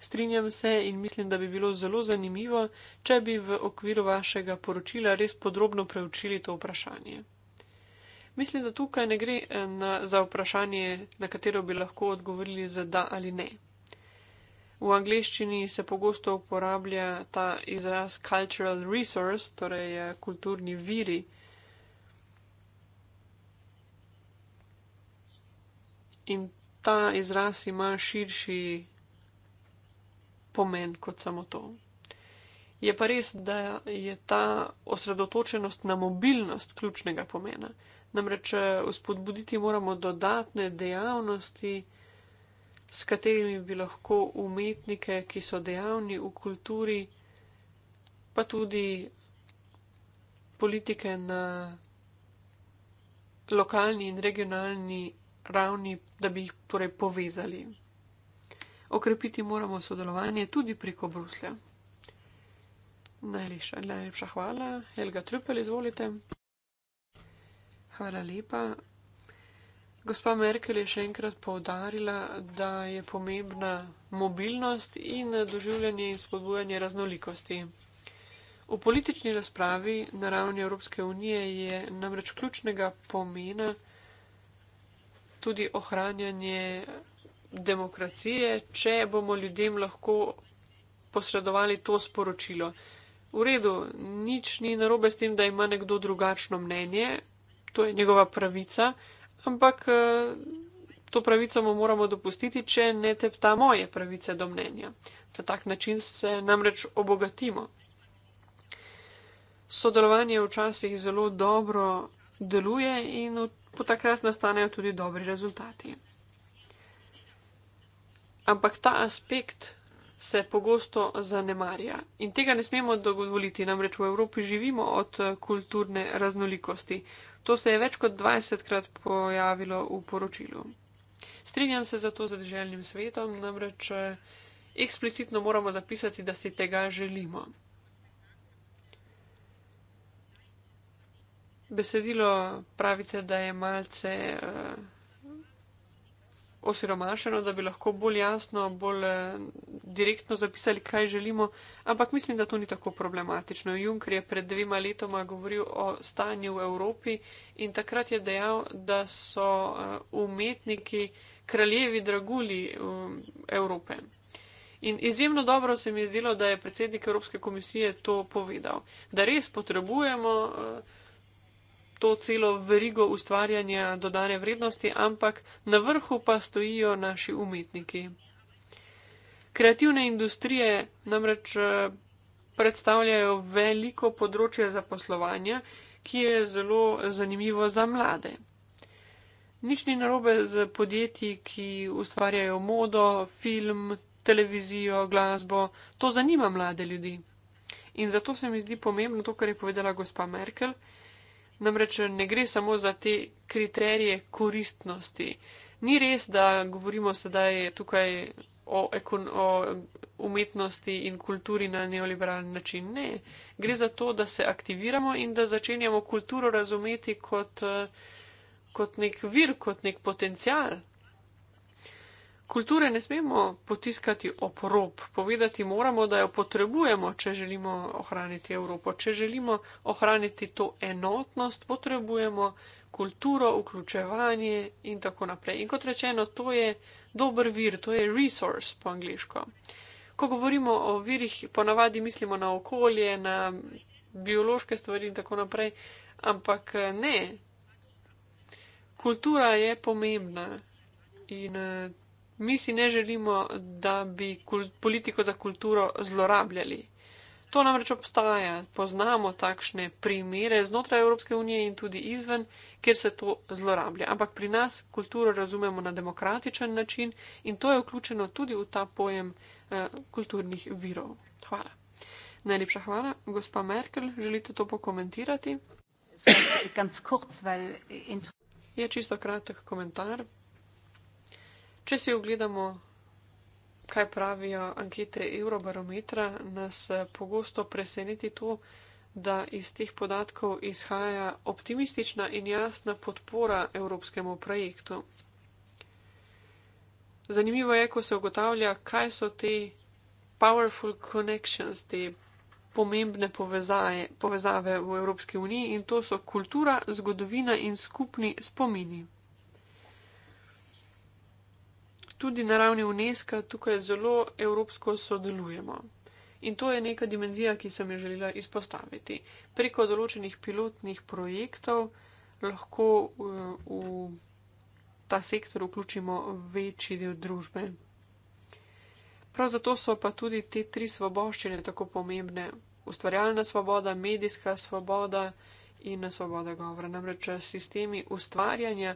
strinjam se in mislim, da bi bilo zelo zanimivo, če bi v okviru vašega poročila res podrobno preučili to vprašanje. Mislim, da tukaj ne gre eh, na, za vprašanje, na katero bi lahko odgovorili z da ali ne. V angleščini se pogosto uporablja ta izraz cultural resource, torej eh, kulturni viri. In ta izraz ima širši pomen kot samo to. Je pa res, da je ta osredotočenost na mobilnost ključnega pomena. Namreč eh, vzpodbuditi moramo dodatne dejavnosti, s katerimi bi lahko umetnike, ki so dejavni v kulturi, pa tudi politike na lokalni in regionalni ravni, da bi jih torej povezali. Okrepiti moramo sodelovanje tudi preko Bruslja. Najlepša, najlepša hvala, Helga Trupel, izvolite. Hvala lepa. Gospa Merkel je še enkrat povdarila, da je pomembna mobilnost in doživljanje in spodbujanje raznolikosti. V politični razpravi na ravni Evropske unije je namreč ključnega pomena tudi ohranjanje demokracije, če bomo ljudem lahko posredovali to sporočilo. V redu, nič ni narobe s tem, da ima nekdo drugačno mnenje, to je njegova pravica, ampak eh, to pravico mu moramo dopustiti, če ne tepta moje pravice do mnenja. Na tak način se namreč obogatimo. Sodelovanje včasih zelo dobro deluje in po takrat nastanejo tudi dobri rezultati. Ampak ta aspekt se pogosto zanemarja in tega ne smemo dovoliti, namreč v Evropi živimo od eh, kulturne raznolikosti. To se je več kot 20krat pojavilo v poročilu. Strinjam se zato z državnim svetom, namreč eh, eksplicitno moramo zapisati, da si tega želimo. Besedilo pravite, da je malce. Uh, osiromašeno, da bi lahko bolj jasno, bolj eh, direktno zapisali, kaj želimo, ampak mislim, da to ni tako problematično. Juncker je pred dvema letoma govoril o stanju v Evropi in takrat je dejal, da so eh, umetniki kraljevi dragulji eh, Evrope. In izjemno dobro se mi je zdelo, da je predsednik Evropske komisije to povedal, da res potrebujemo. Uh, to celo verigo ustvarjanja dodane vrednosti, ampak na vrhu pa stojijo naši umetniki. Kreativne industrije namreč eh, predstavljajo veliko področje zaposlovanja, ki je zelo zanimivo za mlade. Nič ni narobe z podjetji, ki ustvarjajo modo, film, televizijo, glasbo, to zanima mlade ljudi. In zato se mi zdi pomembno to, kar je povedala gospa Merkel, Namreč ne gre samo za te kriterije koristnosti. Ni res, da govorimo sedaj tukaj o, ekon, o umetnosti in kulturi na neoliberalni način. Ne, gre za to, da se aktiviramo in da začenjamo kulturo razumeti kot, eh, kot nek vir, kot nek potencial, Kulture ne smemo potiskati ob rob, povedati moramo, da jo potrebujemo, če želimo ohraniti Evropo. Če želimo ohraniti to enotnost, potrebujemo kulturo, vključevanje in tako naprej. In kot rečeno, to je dober vir, to je resource po angliško. Ko govorimo o virih, ponavadi mislimo na okolje, na biološke stvari in tako naprej, ampak ne. Kultura je pomembna in. Mi si ne želimo, da bi politiko za kulturo zlorabljali. To namreč obstaja, poznamo takšne primere znotraj Evropske unije in tudi izven, kjer se to zlorablja. Ampak pri nas kulturo razumemo na demokratičen način in to je vključeno tudi v ta pojem eh, kulturnih virov. Hvala. Najlepša hvala. Gospa Merkel, želite to pokomentirati? Äh, je čisto kratek komentar, Če si ogledamo, kaj pravijo ankete Eurobarometra, nas eh, pogosto preseneti to, da iz teh podatkov izhaja optimistična in jasna podpora evropskemu projektu. Zanimivo je, ko se ugotavlja, kaj so te powerful connections, te pomembne povezave, povezave v Evropski uniji in to so kultura, zgodovina in skupni spomini. tudi na ravni UNESCO tukaj zelo evropsko sodelujemo. In to je neka dimenzija, ki sem jo želela izpostaviti. Preko določenih pilotnih projektov lahko eh, v ta sektor vključimo večji del družbe. Prav zato so pa tudi te tri svoboščine tako pomembne: ustvarjalna svoboda, medijska svoboda in svoboda govora. Namreč eh, sistemi ustvarjanja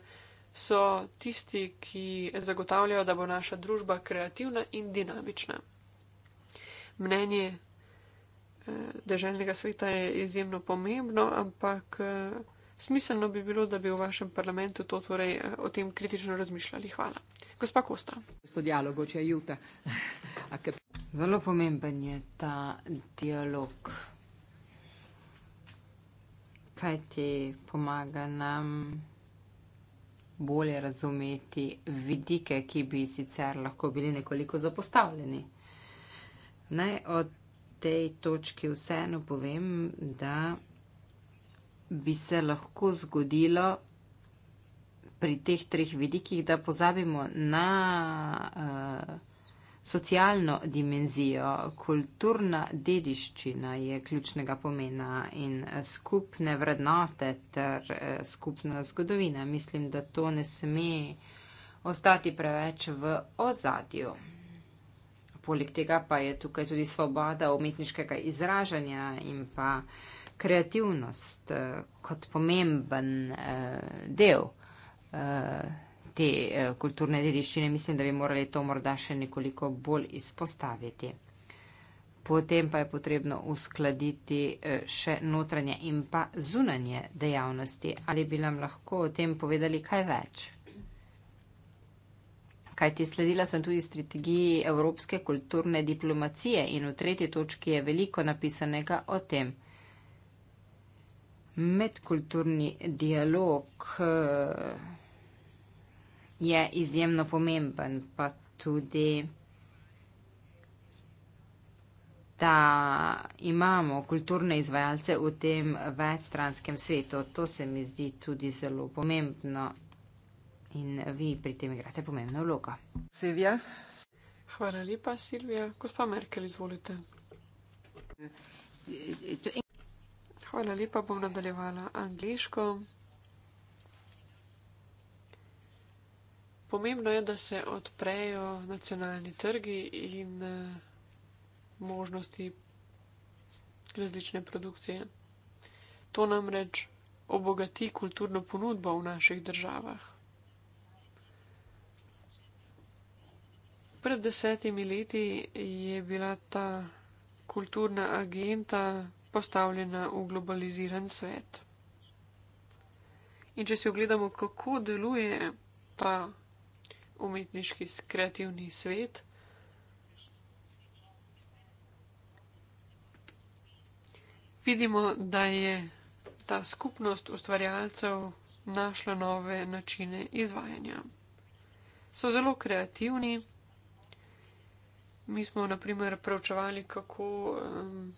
so tisti, ki zagotavljajo, da bo naša družba kreativna in dinamična. Mnenje eh, državnega sveta je izjemno pomembno, ampak eh, smiselno bi bilo, da bi v vašem parlamentu to torej eh, o tem kritično razmišljali. Hvala. Gospa Kosta. Dialogo, kep... Zelo pomemben je ta dialog, kaj ti pomaga nam bolje razumeti vidike, ki bi sicer lahko bili nekoliko zapostavljeni. Naj od tej točki vseeno povem, da bi se lahko zgodilo pri teh treh vidikih, da pozabimo na. Uh, socialno dimenzijo. Kulturna dediščina je ključnega pomena in skupne vrednote ter eh, skupna zgodovina. Mislim, da to ne sme ostati preveč v ozadju. Poleg tega pa je tukaj tudi svoboda umetniškega izražanja in pa kreativnost eh, kot pomemben eh, del te eh, kulturne dediščine, mislim, da bi morali to morda še nekoliko bolj izpostaviti. Potem pa je potrebno uskladiti eh, še notranje in pa zunanje dejavnosti. Ali bi nam lahko o tem povedali kaj več? Kaj ti sledila sem tudi strategiji evropske kulturne diplomacije in v tretji točki je veliko napisanega o tem. Medkulturni dialog. Eh, je izjemno pomemben, pa tudi, da imamo kulturne izvajalce v tem večstranskem svetu. To se mi zdi tudi zelo pomembno in vi pri tem igrate pomembno vlogo. Silvija. Hvala lepa, Silvija. Gospa Merkel, izvolite. Hvala lepa, bom nadaljevala angliško. Pomembno je, da se odprejo nacionalni trgi in uh, možnosti različne produkcije. To namreč obogati kulturno ponudbo v naših državah. Pred desetimi leti je bila ta kulturna agenta postavljena v globaliziran svet. In če si ogledamo, kako deluje ta agenta, umetniški kreativni svet. Vidimo, da je ta skupnost ustvarjalcev našla nove načine izvajanja. So zelo kreativni. Mi smo naprimer preučevali, kako um,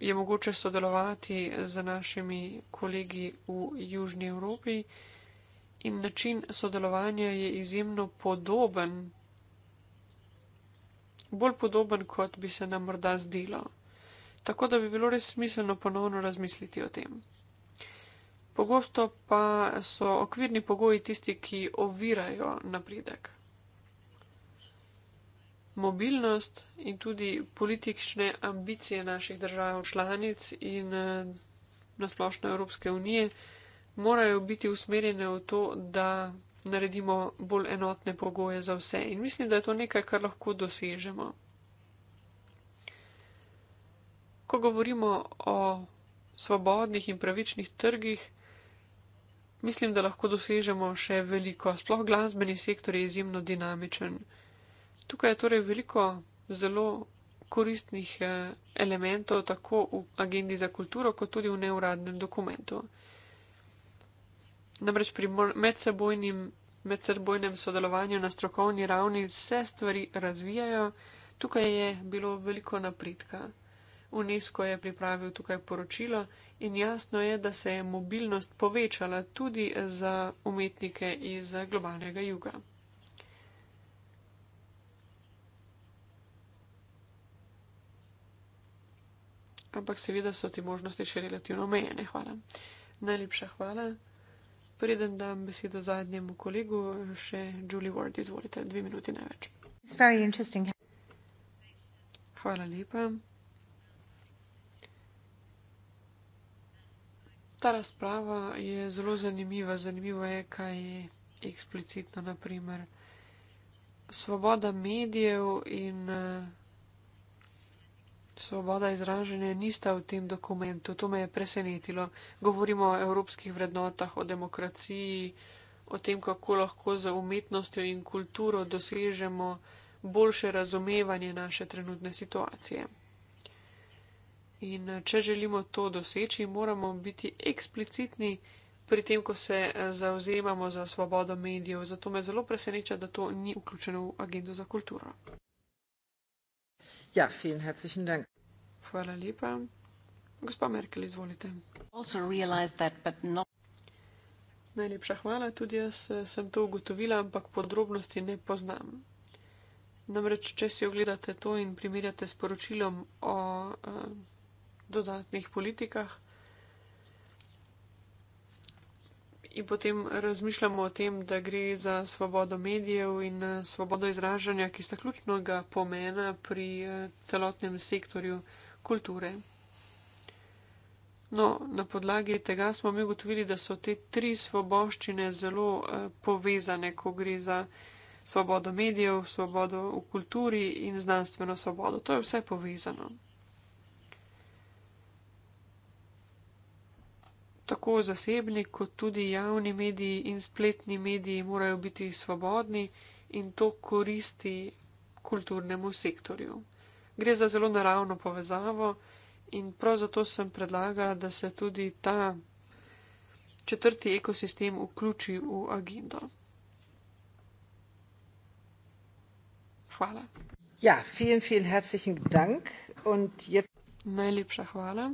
je mogoče sodelovati z našimi kolegi v Južni Evropi, uh, in način sodelovanja je izjemno podoben, bolj podoben, kot bi se nam morda zdelo. Tako da bi bilo res smiselno ponovno razmisliti o tem. Pogosto pa so okvirni pogoji tisti, ki ovirajo napredek. Mobilnost in tudi politične ambicije naših držav članic in eh, nasplošno Evropske unije morajo biti usmerjene v to, da naredimo bolj enotne pogoje za vse. In mislim, da je to nekaj, kar lahko dosežemo. Ko govorimo o svobodnih in pravičnih trgih, mislim, da lahko dosežemo še veliko. Sploh glasbeni sektor je izjemno dinamičen. Tukaj je torej veliko zelo koristnih eh, elementov tako v agendi za kulturo, kot tudi v neuradnem dokumentu. Namreč pri medsebojnim, medsebojnem sodelovanju na strokovni ravni se stvari razvijajo, tukaj je bilo veliko napredka. UNESCO je pripravil tukaj poročilo in jasno je, da se je mobilnost povečala tudi za umetnike iz globalnega juga. Ampak seveda so ti možnosti še relativno omejene. Hvala. Najlepša hvala. Preden dam besedo zadnjemu kolegu, še Julie Ward, izvolite, dve minuti največ. Hvala lepa. Ta razprava je zelo zanimiva. Zanimivo je, kaj je eksplicitno, naprimer, svoboda medijev in uh, Svoboda izražanja nista v tem dokumentu, to me je presenetilo. Govorimo o evropskih vrednotah, o demokraciji, o tem, kako lahko za umetnostjo in kulturo dosežemo boljše razumevanje naše trenutne situacije. In če želimo to doseči, moramo biti eksplicitni pri tem, ko se eh, zauzemamo za svobodo medijev. Zato me zelo preseneča, da to ni vključeno v agendo za kulturo. Ja, vielen herzlichen Dank. Hvala lepa. Gospa Merkel, izvolite. Najlepša hvala, tudi jaz eh, sem to ugotovila, ampak podrobnosti ne poznam. Namreč, če si ogledate to in primerjate s poročilom o a, eh, dodatnih politikah, in potem razmišljamo o tem, da gre za svobodo medijev in eh, svobodo izražanja, ki sta ključnega pomena pri eh, celotnem sektorju kulture. No, na podlagi tega smo mi ugotovili, da so te tri svoboščine zelo eh, povezane, ko gre za svobodo medijev, svobodo v kulturi in znanstveno svobodo. To je vse povezano. tako zasebni, kot tudi javni mediji in spletni mediji morajo biti svobodni in to koristi kulturnemu sektorju. Gre za zelo naravno povezavo in prav zato sem predlagala, da se tudi ta četrti ekosistem vključi v agendo. Hvala. Ja, vielen, vielen herzlichen Dank und jetzt. Najlepša hvala.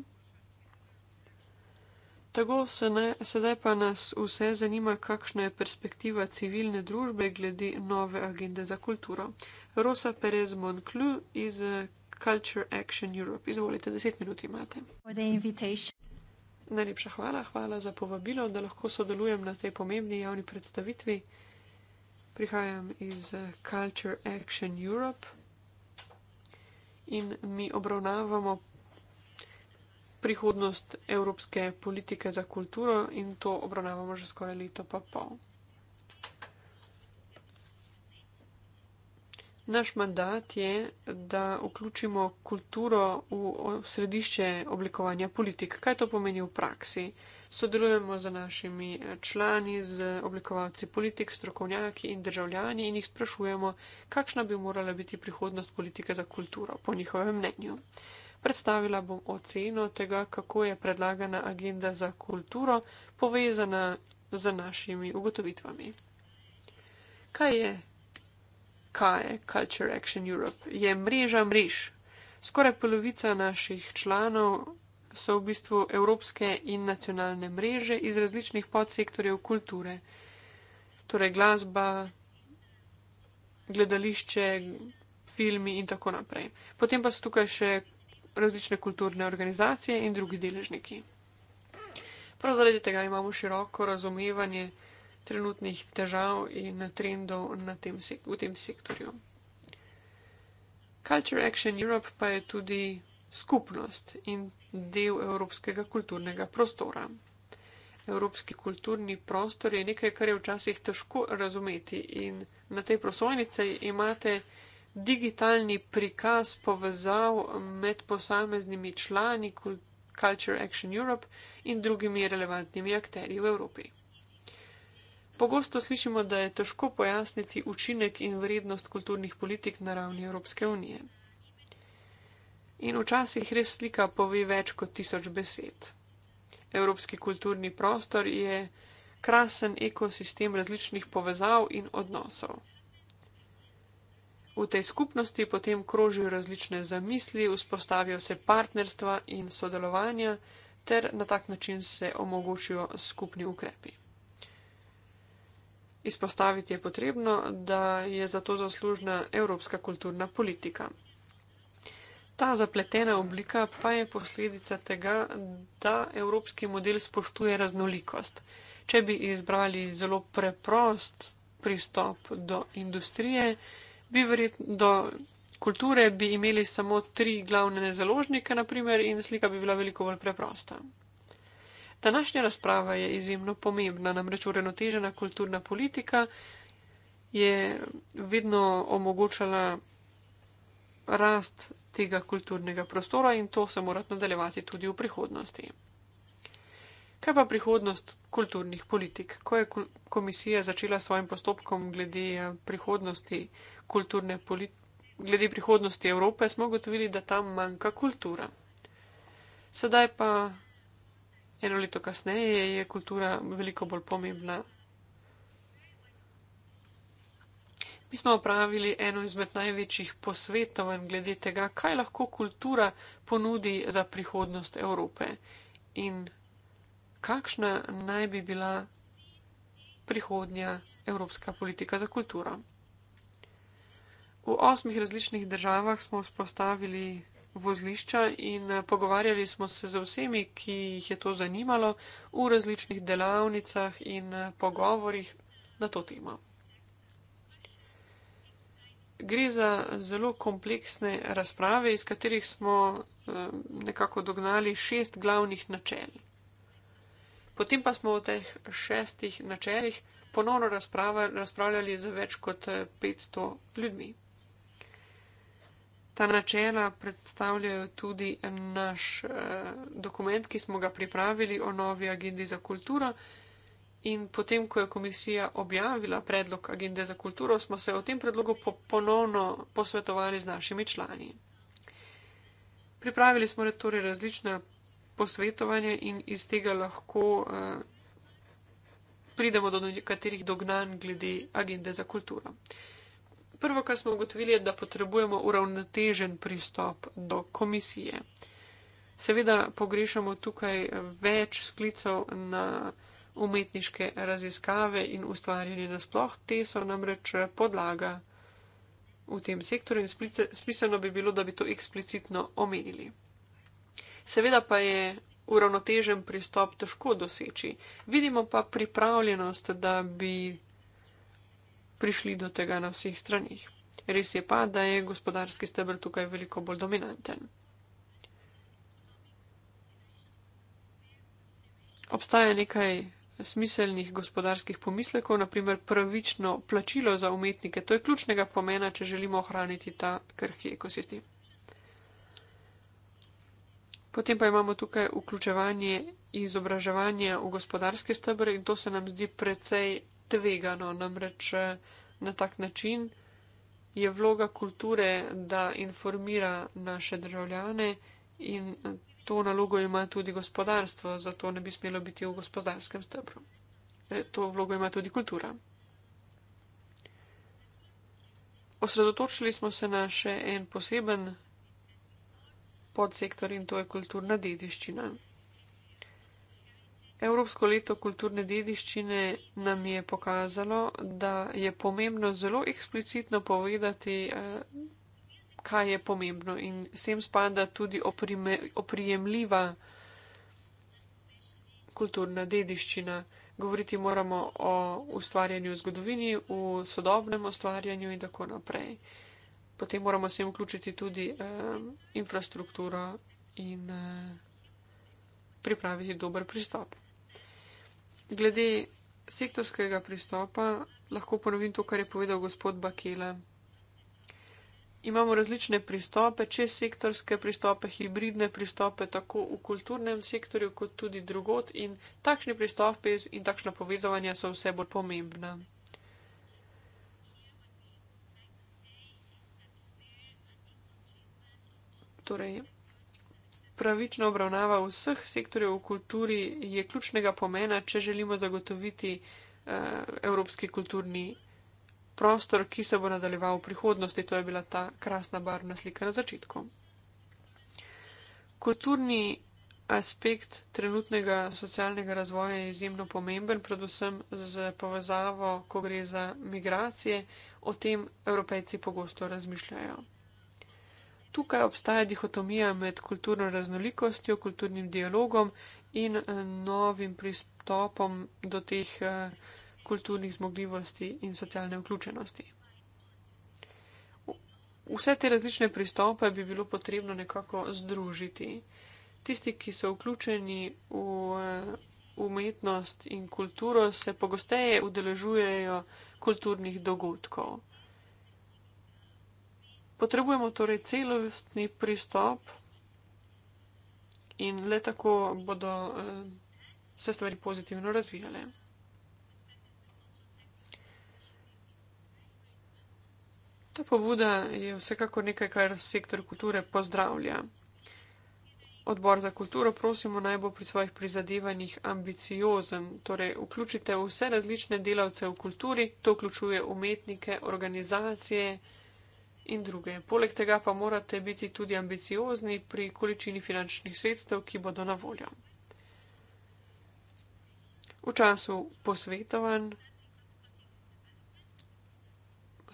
Tako se ne, sedaj pa nas vse zanima, kakšna je perspektiva civilne družbe glede nove agende za kulturo. Rosa Perez Monclu iz Culture Action Europe. Izvolite, deset minut imate. Najlepša hvala, hvala za povabilo, da lahko sodelujem na tej pomembni javni predstavitvi. Prihajam iz Culture Action Europe in mi obravnavamo prihodnost evropske politike za kulturo in to obravnavamo že skoraj leto in pol. Naš mandat je, da vključimo kulturo v središče oblikovanja politik. Kaj to pomeni v praksi? Sodelujemo z našimi člani, z oblikovalci politik, strokovnjaki in državljani in jih sprašujemo, kakšna bi morala biti prihodnost politike za kulturo, po njihovem mnenju. Predstavila bom oceno tega, kako je predlagana agenda za kulturo povezana z našimi ugotovitvami. Kaj je KAE, Culture Action Europe? Je mreža mrež. Skoraj polovica naših članov so v bistvu evropske in nacionalne mreže iz različnih podsektorjev kulture. Torej glasba, gledališče, filmi in tako naprej. Potem pa so tukaj še različne kulturne organizacije in drugi deležniki. Prav zaradi tega imamo široko razumevanje trenutnih težav in trendov tem v tem sektorju. Culture Action Europe pa je tudi skupnost in del evropskega kulturnega prostora. Evropski kulturni prostor je nekaj, kar je včasih težko razumeti in na tej prosojnici imate digitalni prikaz povezav med posameznimi člani Culture Action Europe in drugimi relevantnimi akterji v Evropi. Pogosto slišimo, da je težko pojasniti učinek in vrednost kulturnih politik na ravni Evropske unije. In včasih res slika pove več kot tisoč besed. Evropski kulturni prostor je krasen ekosistem različnih povezav in odnosov v tej skupnosti potem krožijo različne zamisli, vzpostavijo se partnerstva in sodelovanja, ter na tak način se omogočijo skupni ukrepi. Izpostaviti je potrebno, da je za to zaslužna evropska kulturna politika. Ta zapletena oblika pa je posledica tega, da evropski model spoštuje raznolikost. Če bi izbrali zelo preprost pristop do industrije, bi verjetno do kulture bi imeli samo tri glavne založnike, naprimer, in slika bi bila veliko bolj preprosta. Današnja razprava je izjemno pomembna, namreč uravnotežena kulturna politika je vedno omogočala rast tega kulturnega prostora in to se mora nadaljevati tudi v prihodnosti. Kaj pa prihodnost kulturnih politik? Ko je komisija začela s svojim postopkom glede eh, prihodnosti kulturne politike, glede prihodnosti Evrope, smo gotovili, da tam manjka kultura. Sedaj pa eno leto kasneje je kultura veliko bolj pomembna. Mi smo opravili eno izmed največjih posvetovanj glede tega, kaj lahko kultura ponudi za prihodnost Evrope in kakšna naj bi bila prihodnja evropska politika za kulturo. V osmih različnih državah smo vzpostavili vozlišča in eh, pogovarjali smo se z vsemi, ki jih je to zanimalo, v različnih delavnicah in eh, pogovorih na to temo. Gre za zelo kompleksne razprave, iz katerih smo eh, nekako dognali šest glavnih načel. Potem pa smo o teh šestih načelih ponovno razpravljali za več kot 500 ljudmi. Ta načela predstavljajo tudi naš eh, dokument, ki smo ga pripravili o novi agendi za kulturo. In potem, ko je komisija objavila predlog agende za kulturo, smo se o tem predlogu po ponovno posvetovali z našimi člani. Pripravili smo torej različna posvetovanja in iz tega lahko eh, pridemo do nekaterih dognanj glede agende za kulturo. Prvo, kar smo ugotovili, je, da potrebujemo uravnotežen pristop do komisije. Seveda pogrešamo tukaj več sklicev na umetniške raziskave in ustvarjanje nasploh, te so namreč podlaga v tem sektorju in spisano bi bilo, da bi to eksplicitno omenili. Seveda pa je uravnotežen pristop težko doseči. Vidimo pa pripravljenost, da bi prišli do tega na vseh stranih. Res je pa, da je gospodarski stebr tukaj veliko bolj dominanten. Obstaja nekaj smiselnih gospodarskih pomislekov, naprimer pravično plačilo za umetnike. To je ključnega pomena, če želimo ohraniti ta krhki ekosistem. Potem pa imamo tukaj vključevanje izobraževanja v gospodarski stebr in to se nam zdi precej tvegano, namreč eh, na tak način je vloga kulture, da informira naše državljane in eh, to nalogo ima tudi gospodarstvo, zato ne bi smelo biti v gospodarskem stebru. Eh, to vlogo ima tudi kultura. Osredotočili smo se na še en poseben podsektor in to je kulturna dediščina. Evropsko leto kulturne dediščine nam je pokazalo, da je pomembno zelo eksplicitno povedati, eh, kaj je pomembno in sem spada tudi oprime, oprijemljiva kulturna dediščina. Govoriti moramo o ustvarjanju zgodovini, o sodobnem ustvarjanju in tako naprej. Potem moramo sem vključiti tudi eh, infrastrukturo in eh, pripraviti dober pristop. Glede sektorskega pristopa lahko ponovim to, kar je povedal gospod Bakela. Imamo različne pristope, čez sektorske pristope, hibridne pristope, tako v kulturnem sektorju, kot tudi drugot in takšni pristopi in takšna povezovanja so vse bolj pomembna. Torej, pravična obravnava vseh sektorjev v kulturi je ključnega pomena, če želimo zagotoviti uh, evropski kulturni prostor, ki se bo nadaljeval v prihodnosti. To je bila ta krasna barvna slika na začetku. Kulturni aspekt trenutnega socialnega razvoja je izjemno pomemben, predvsem z povezavo, ko gre za migracije, o tem evropejci pogosto razmišljajo tukaj obstaja dihotomija med kulturno raznolikostjo, kulturnim dialogom in eh, novim pristopom do teh eh, kulturnih zmogljivosti in socialne vključenosti. Vse te različne pristope bi bilo potrebno nekako združiti. Tisti, ki so vključeni v eh, umetnost in kulturo, se pogosteje udeležujejo kulturnih dogodkov. Potrebujemo torej celostni pristop in le tako bodo eh, se stvari pozitivno razvijale. Ta pobuda je vsekakor nekaj, kar sektor kulture pozdravlja. Odbor za kulturo prosimo naj bo pri svojih prizadevanjih ambiciozen, torej vključite vse različne delavce v kulturi, to vključuje umetnike, organizacije, in druge. Poleg tega pa morate biti tudi ambiciozni pri količini finančnih sredstev, ki bodo na voljo. V času posvetovanj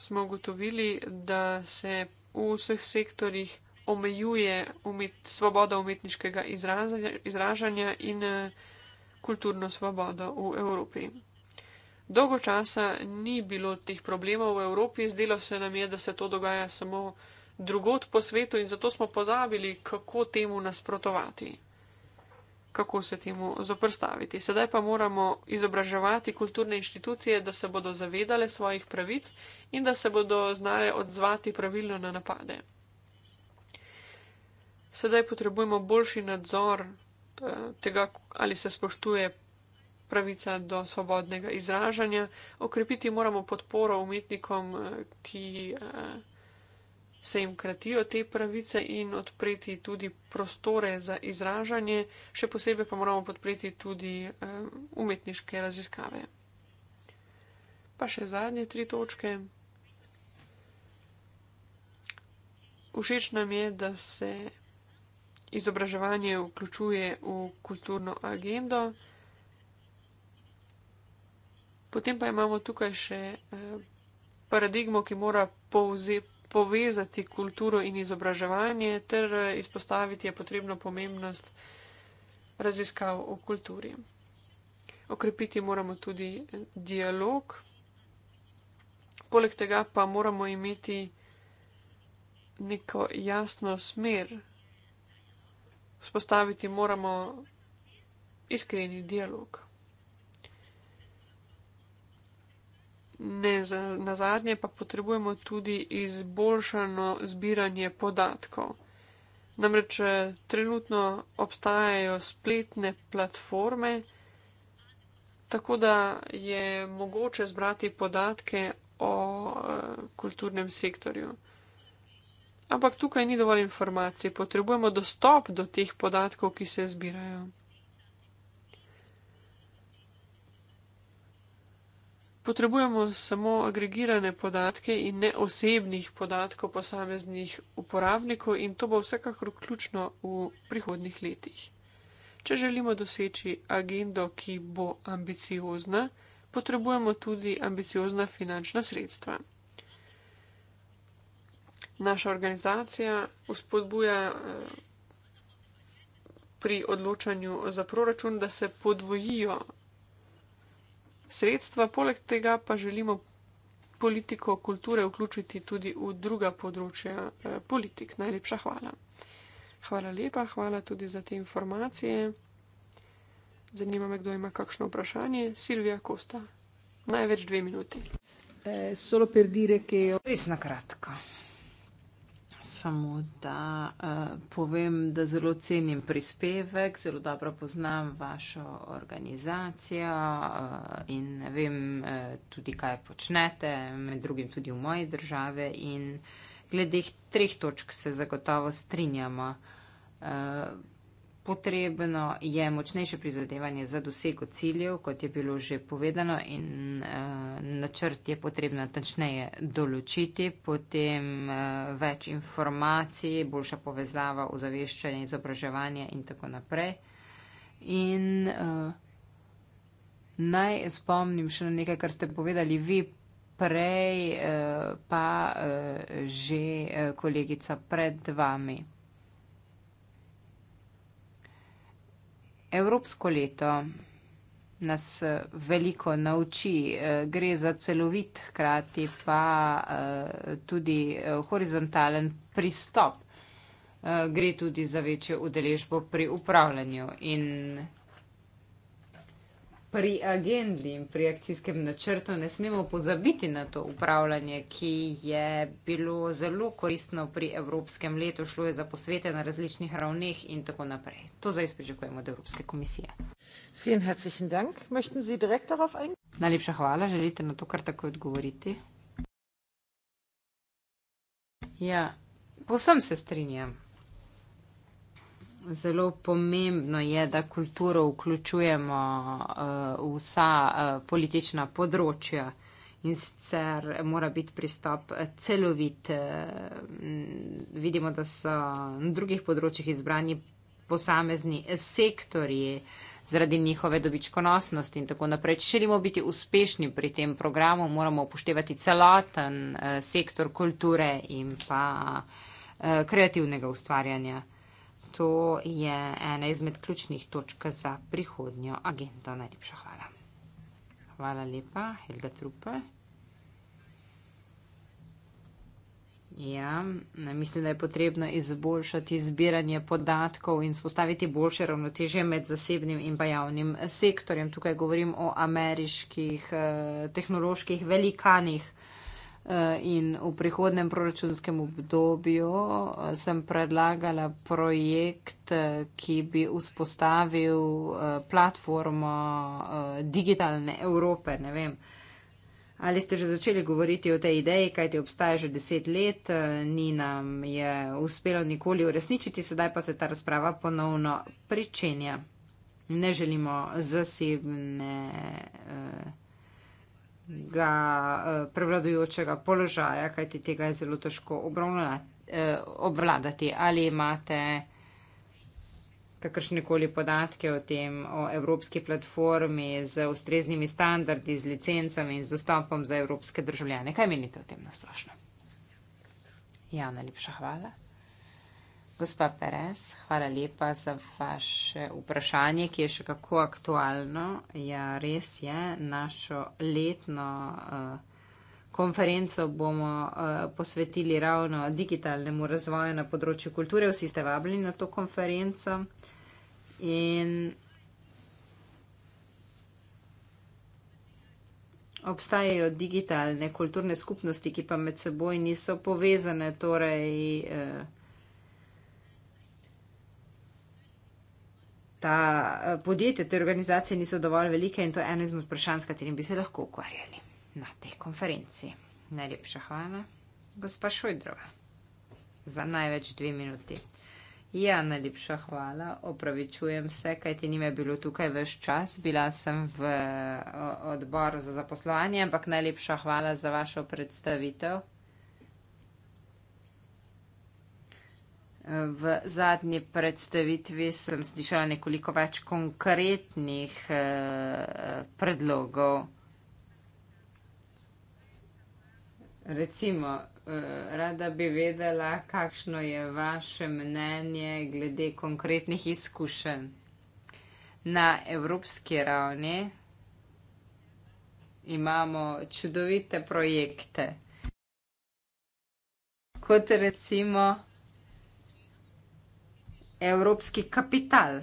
smo ugotovili, da se v vseh sektorjih omejuje umet, svoboda umetniškega izražanja in eh, kulturno svobodo v Evropi. Dolgo časa ni bilo teh problemov v Evropi, zdelo se nam je, da se to dogaja samo drugot po svetu in zato smo pozabili, kako temu nasprotovati, kako se temu zoprstaviti. Sedaj pa moramo izobraževati kulturne inštitucije, da se bodo zavedale svojih pravic in da se bodo znale odzvati pravilno na napade. Sedaj potrebujemo boljši nadzor eh, tega, ali se spoštuje pravica do svobodnega izražanja, okrepiti moramo podporo umetnikom, ki eh, se jim kratijo te pravice in odpreti tudi prostore za izražanje, še posebej pa moramo podpreti tudi eh, umetniške raziskave. Pa še zadnje tri točke. Všeč nam je, da se izobraževanje vključuje v kulturno agendo. Potem pa imamo tukaj še eh, paradigmo, ki mora povze, povezati kulturo in izobraževanje, ter eh, izpostaviti je potrebno pomembnost raziskav o kulturi. Okrepiti moramo tudi eh, dialog, poleg tega pa moramo imeti neko jasno smer. Vzpostaviti moramo iskreni dialog. ne za, na zadnje pa potrebujemo tudi izboljšano zbiranje podatkov. Namreč eh, trenutno obstajajo spletne platforme, tako da je mogoče zbrati podatke o e, kulturnem sektorju. Ampak tukaj ni dovolj informacij, potrebujemo dostop do teh podatkov, ki se zbirajo. Potrebujemo samo agregirane podatke in ne osebnih podatkov posameznih uporabnikov in to bo vsekakor ključno v prihodnih letih. Če želimo doseči agendo, ki bo ambiciozna, potrebujemo tudi ambiciozna finančna sredstva. Naša organizacija uspodbuja eh, pri odločanju za proračun, da se podvojijo sredstva, poleg tega pa želimo politiko kulture vključiti tudi v druga področja eh, politik. Najlepša hvala. Hvala lepa, hvala tudi za te informacije. Zanima me, kdo ima kakšno vprašanje. Silvija Kosta, največ dve minuti. Eh, solo per dire, ki je res na kratko. Samo da uh, povem, da zelo cenim prispevek, zelo dobro poznam vašo organizacijo uh, in vem uh, tudi, kaj počnete, med drugim tudi v moji države in glede teh treh točk se zagotovo strinjamo. Uh, Potrebno je močnejše prizadevanje za dosego ciljev, kot je bilo že povedano, in uh, načrt je potrebno tačneje določiti, potem uh, več informacij, boljša povezava, ozaveščanje, izobraževanje in tako naprej. In uh, naj spomnim še na nekaj, kar ste povedali vi prej, uh, pa uh, že uh, kolegica pred vami. Evropsko leto nas eh, veliko nauči. Eh, gre za celovit, hkrati pa eh, tudi horizontalen pristop. Gre tudi za večjo udeležbo pri upravljanju in pri agendi in pri akcijskem načrtu ne smemo pozabiti na to upravljanje, ki je bilo zelo koristno pri Evropskem letu, šlo je za posvete na različnih ravneh in tako naprej. To zdaj pričakujemo od Evropske komisije. Najlepša hvala, želite na to kar takoj odgovoriti? Ja, povsem se strinjam. Zelo pomembno je, da kulturo vključujemo eh, v uh, vsa uh, politična področja in sicer mora biti pristop eh, celovit. Uh, vidimo, da so na drugih področjih izbrani posamezni sektori zaradi njihove dobičkonosnosti in tako naprej. Če želimo biti uspešni pri tem programu, moramo upoštevati celoten uh, sektor kulture in pa uh, kreativnega ustvarjanja to je ena izmed ključnih točk za prihodnjo agendo. Najlepša hvala. Hvala lepa, Helga Trupe. Ja, mislim, da je potrebno izboljšati zbiranje podatkov in spostaviti boljše ravnotežje med zasebnim in pa javnim sektorjem. Tukaj govorim o ameriških eh, tehnoloških velikanih. Eh, in v prihodnem proračunskem obdobju eh, sem predlagala projekt, eh, ki bi vzpostavil platformo digitalne Evrope. Ne vem, ali ste že začeli govoriti o tej ideji, kaj ti obstaja že deset let, ni nam je uspelo nikoli uresničiti, sedaj pa se ta razprava ponovno pričenja. Ne želimo zasebne. Uh, ga eh, prevladujočega položaja, kajti tega je zelo težko eh, obvladati. Ali imate kakršnekoli podatke o tem, o evropski platformi z ustreznimi standardi, z licencami in z dostopom za evropske državljane? Kaj menite o tem na splošno? Ja, najlepša hvala. Gospa Perez, hvala lepa za vaše vprašanje, ki je še kako aktualno. Ja, res je, našo letno uh, konferenco bomo uh, posvetili ravno digitalnemu razvoju na področju kulture. Vsi ste vabljeni na to konferenco. In Obstajajo digitalne kulturne skupnosti, ki pa med seboj niso povezane, torej eh, ta eh, podjetja, te organizacije niso dovolj velike in to je eno izmed vprašanj, s katerim bi se lahko ukvarjali na tej konferenci. Najlepša hvala, gospa Šojdrova, za največ dve minuti. Ja, najlepša hvala, opravičujem se, kaj ti nime bilo tukaj veš čas, bila sem v eh, odboru za zaposlovanje, ampak najlepša hvala za vašo predstavitev. V zadnji predstavitvi sem slišala nekoliko več konkretnih eh, predlogov. Recimo, eh, rada bi vedela, kakšno je vaše mnenje glede konkretnih izkušenj na evropski ravni. Imamo čudovite projekte. Kot recimo evropski kapital.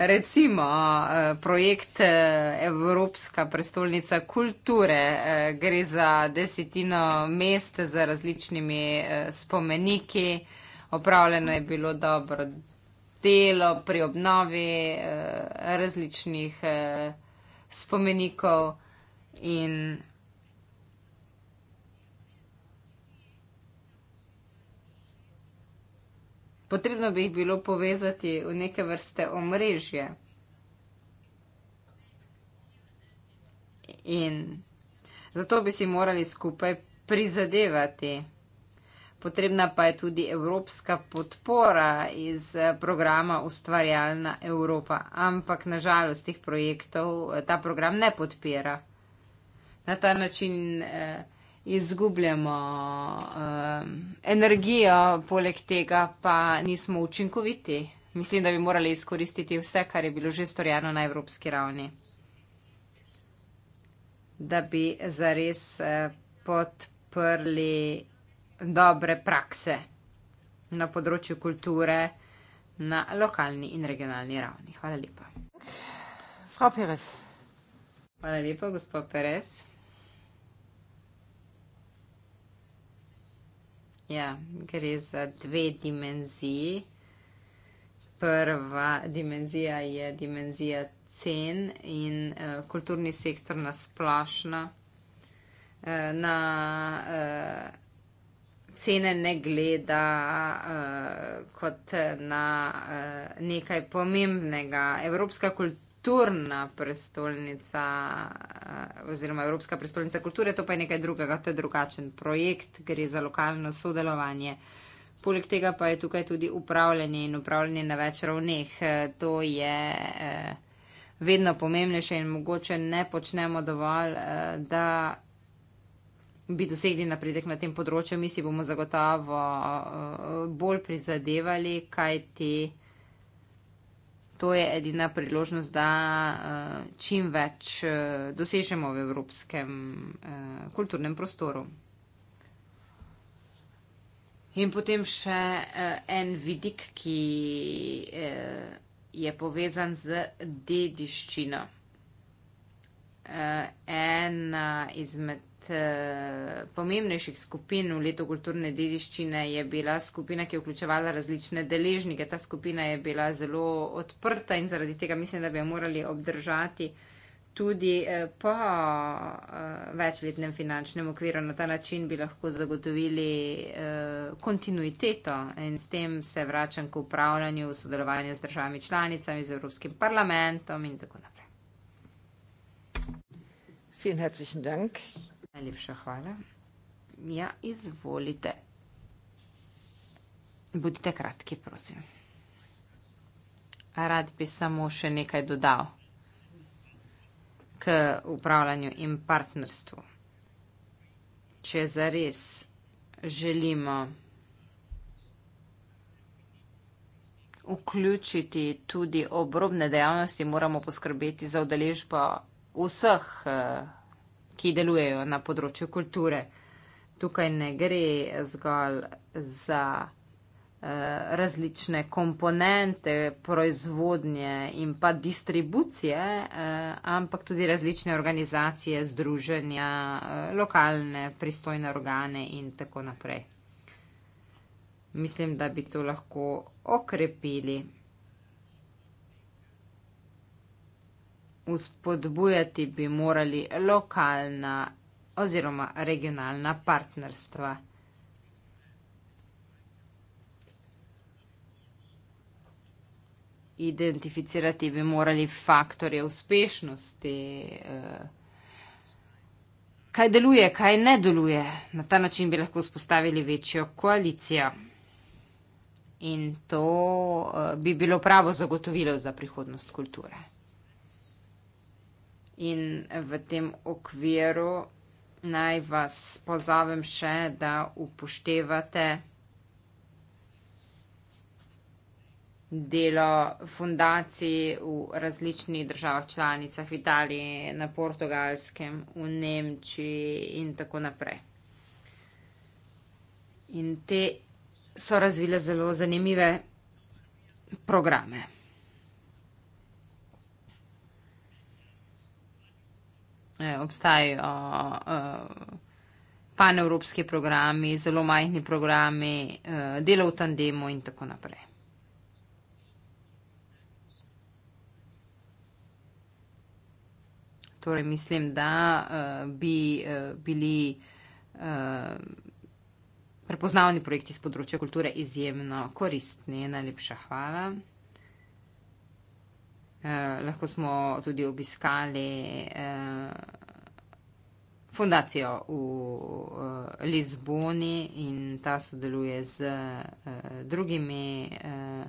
Recimo eh, projekt eh, Evropska prestolnica kulture eh, gre za desetino mest z različnimi spomeniki. Opravljeno je bilo dobro delo pri obnovi različnih spomenikov in spomenikov. Potrebno bi jih bilo povezati v neke vrste omrežje. In zato bi si morali skupaj prizadevati. Potrebna pa je tudi evropska podpora iz programa Ustvarjalna Evropa. Ampak nažalost teh projektov ta program ne podpira. Na ta način. Eh, izgubljamo um, energijo, poleg tega pa nismo učinkoviti. Mislim, da bi morali izkoristiti vse, kar je bilo že storjeno na evropski ravni, da bi zares eh, podprli dobre prakse na področju kulture na lokalni in regionalni ravni. Hvala lepa. Frau Perez. Hvala lepa, gospod Perez. Ja, gre za dve dimenziji. Prva dimenzija je dimenzija cen in uh, kulturni sektor na splošno. Uh, na uh, cene ne gleda uh, kot na uh, nekaj pomembnega. Evropska kultura kulturna prestolnica eh, oziroma Evropska prestolnica kulture, to pa je nekaj drugega, to je drugačen projekt, gre za lokalno sodelovanje. Poleg tega pa je tukaj tudi upravljanje in upravljanje na več ravneh. Eh, to je eh, vedno pomembnejše in mogoče ne počnemo dovolj, da bi dosegli napredek na tem področju. Mi si bomo zagotovo bolj prizadevali, kaj ti. Te to je edina priložnost, da uh, čim več uh, dosežemo v evropskem uh, kulturnem prostoru. In potem še uh, en vidik, ki uh, je povezan z dediščino. Uh, en uh, izmed Eh, pomembnejših skupin v letu kulturne dediščine je bila skupina, ki je vključevala različne deležnike. Ta skupina je bila zelo odprta in zaradi tega mislim, da bi jo morali obdržati tudi eh, po eh, večletnem finančnem okviru. Na ta način bi lahko zagotovili kontinuiteto in s tem se vračam k upravljanju, sodelovanju z državami članicami, z Evropskim parlamentom in tako naprej. Vielen herzlichen Dank. Najlepša hvala. Ja, izvolite. Bodite kratki, prosim. Rad bi samo še nekaj dodal k upravljanju in partnerstvu. Če zares želimo vključiti tudi obrobne dejavnosti, moramo poskrbeti za udeležbo vseh eh, ki delujejo na področju kulture. Tukaj ne gre zgolj za eh, različne komponente, proizvodnje in pa distribucije, eh, ampak tudi različne organizacije, združenja, eh, lokalne pristojne organe in tako naprej. Mislim, da bi to lahko okrepili. Vzpodbujati bi morali lokalna oziroma regionalna partnerstva. Identificirati bi morali faktorje uspešnosti, eh, kaj deluje, kaj ne deluje. Na ta način bi lahko vzpostavili večjo koalicijo. In to eh, bi bilo pravo zagotovilo za prihodnost kulture. In v tem okviru naj vas pozovem še, da upoštevate delo fundacij v različnih državah članicah, v Italiji, na portugalskem, v Nemčiji in tako naprej. In te so razvile zelo zanimive programe. Eh, obstajajo eh, panevropski programi, zelo majhni programi, eh, delo v tandemu in tako naprej. Torej, mislim, da bi bili prepoznavni projekti z področja kulture izjemno koristni. Najlepša hvala. Eh, lahko smo tudi obiskali eh, fundacijo v eh, Lizboni in ta sodeluje z eh, drugimi eh,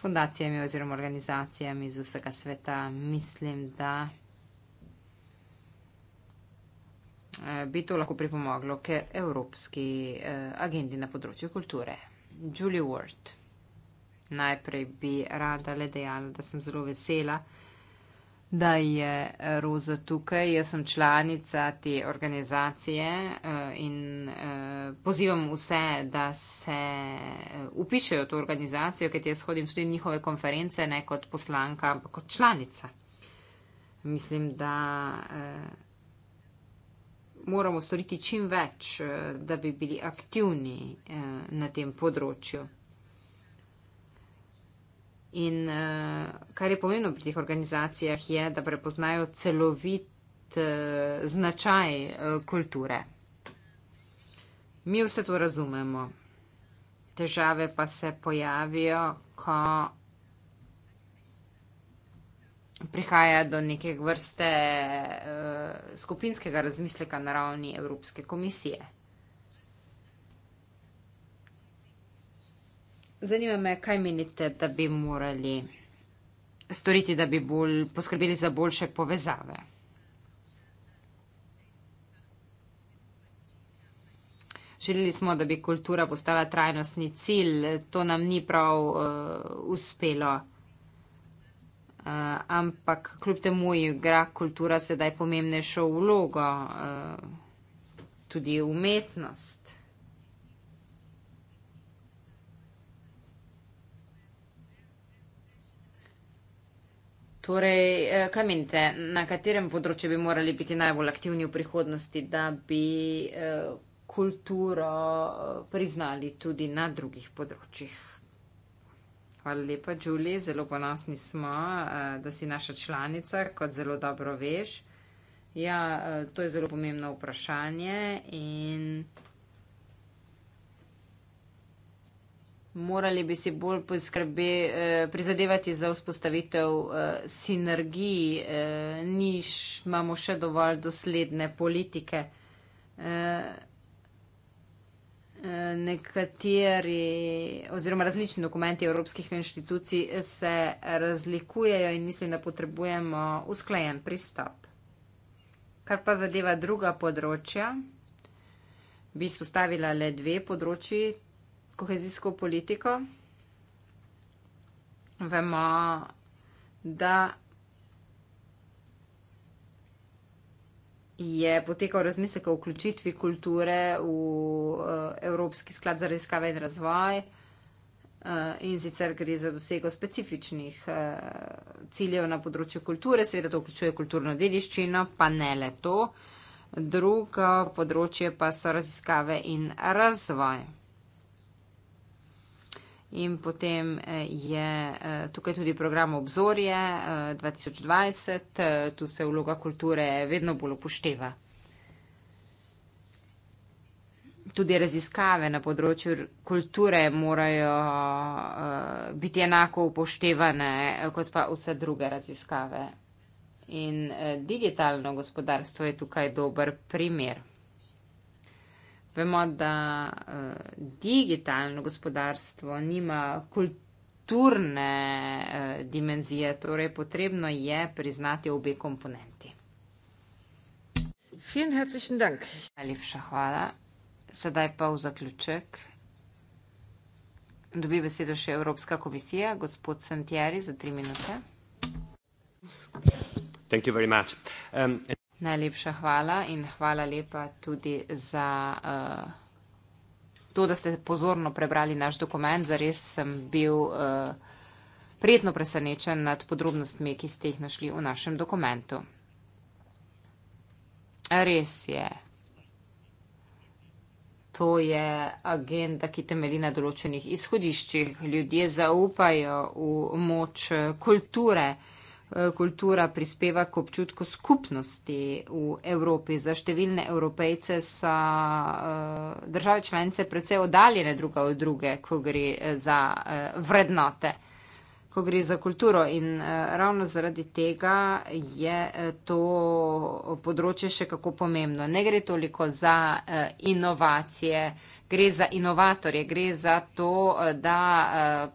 fundacijami oziroma organizacijami iz vsega sveta. Mislim, da eh, bi to lahko pripomoglo k evropski eh, agendi na področju kulture. Julie Ward najprej bi rada le dejala, da sem zelo vesela, da je Roza tukaj. Jaz sem članica te organizacije eh, in eh, pozivam vse, da se upišejo eh, v to organizacijo, ker jaz hodim tudi njihove konference, ne kot poslanka, ampak kot članica. Mislim, da moramo storiti čim več, da bi bili aktivni na tem področju. In uh, kar je pomembno pri teh organizacijah, je, da prepoznajo celovit uh, značaj uh, kulture. Mi vse to razumemo. Težave pa se pojavijo, ko prihaja do neke vrste uh, skupinskega razmisleka na ravni Evropske komisije. Zanima me, kaj menite, da bi morali storiti, da bi bolj poskrbeli za boljše povezave. Želeli smo, da bi kultura postala trajnostni cilj, to nam ni prav uh, uspelo. Uh, ampak kljub temu igra kultura sedaj pomembnejšo vlogo, uh, tudi umetnost. Torej, eh, kaj menite, na katerem področju bi morali biti najbolj aktivni v prihodnosti, da bi eh, kulturo eh, priznali tudi na drugih področjih? Hvala lepa, Julie, zelo ponosni smo, da si naša članica, kot zelo dobro veš. Ja, to je zelo pomembno vprašanje in morali bi si bolj poskrbe, eh, prizadevati za vzpostavitev eh, sinergij, eh, niš imamo še dovolj dosledne politike. Nekateri oziroma različni dokumenti evropskih inštitucij se razlikujejo in mislim, da potrebujemo usklajen pristop. Kar pa zadeva druga področja, bi spostavila le dve področji, kohezijsko politiko, vemo, da je potekal razmislek o vključitvi kulture v uh, Evropski sklad za raziskave in razvoj uh, in sicer gre za dosego specifičnih uh, ciljev na področju kulture, seveda to vključuje kulturno dediščino, pa ne le to. Drugo področje pa so raziskave in razvoj in potem eh, je eh, tukaj tudi program Obzorje 2020, eh, tu se vloga kulture vedno bolj upošteva. Tudi raziskave na področju kulture morajo uh, biti enako upoštevane kot pa vse druge raziskave. In uh, digitalno gospodarstvo je tukaj dober primer. Vemo, da uh, digitalno gospodarstvo nima kulturne uh, dimenzije, torej potrebno je priznati obe komponenti. Najlepša hvala. Sedaj pa v zaključek. Dobi besedo še Evropska komisija, gospod Santieri, za tri minute. Thank you very much. Um, Najlepša hvala in hvala lepa tudi za uh, to, da ste pozorno prebrali naš dokument. Zares sem bil uh, prijetno presenečen nad podrobnostmi, ki ste jih našli v našem dokumentu. Res je. To je agenda, ki temeli na določenih izhodiščih. Ljudje zaupajo v moč eh, kulture. Uh, Eh, kultura prispeva k občutku skupnosti v Evropi. Za številne evropejce so eh, države članice precej oddaljene druga od druge, ko gre eh, za vrednote, ko gre za kulturo. In ravno zaradi tega je to področje še kako pomembno. Ne gre toliko za inovacije. Gre za inovatorje, gre za to, da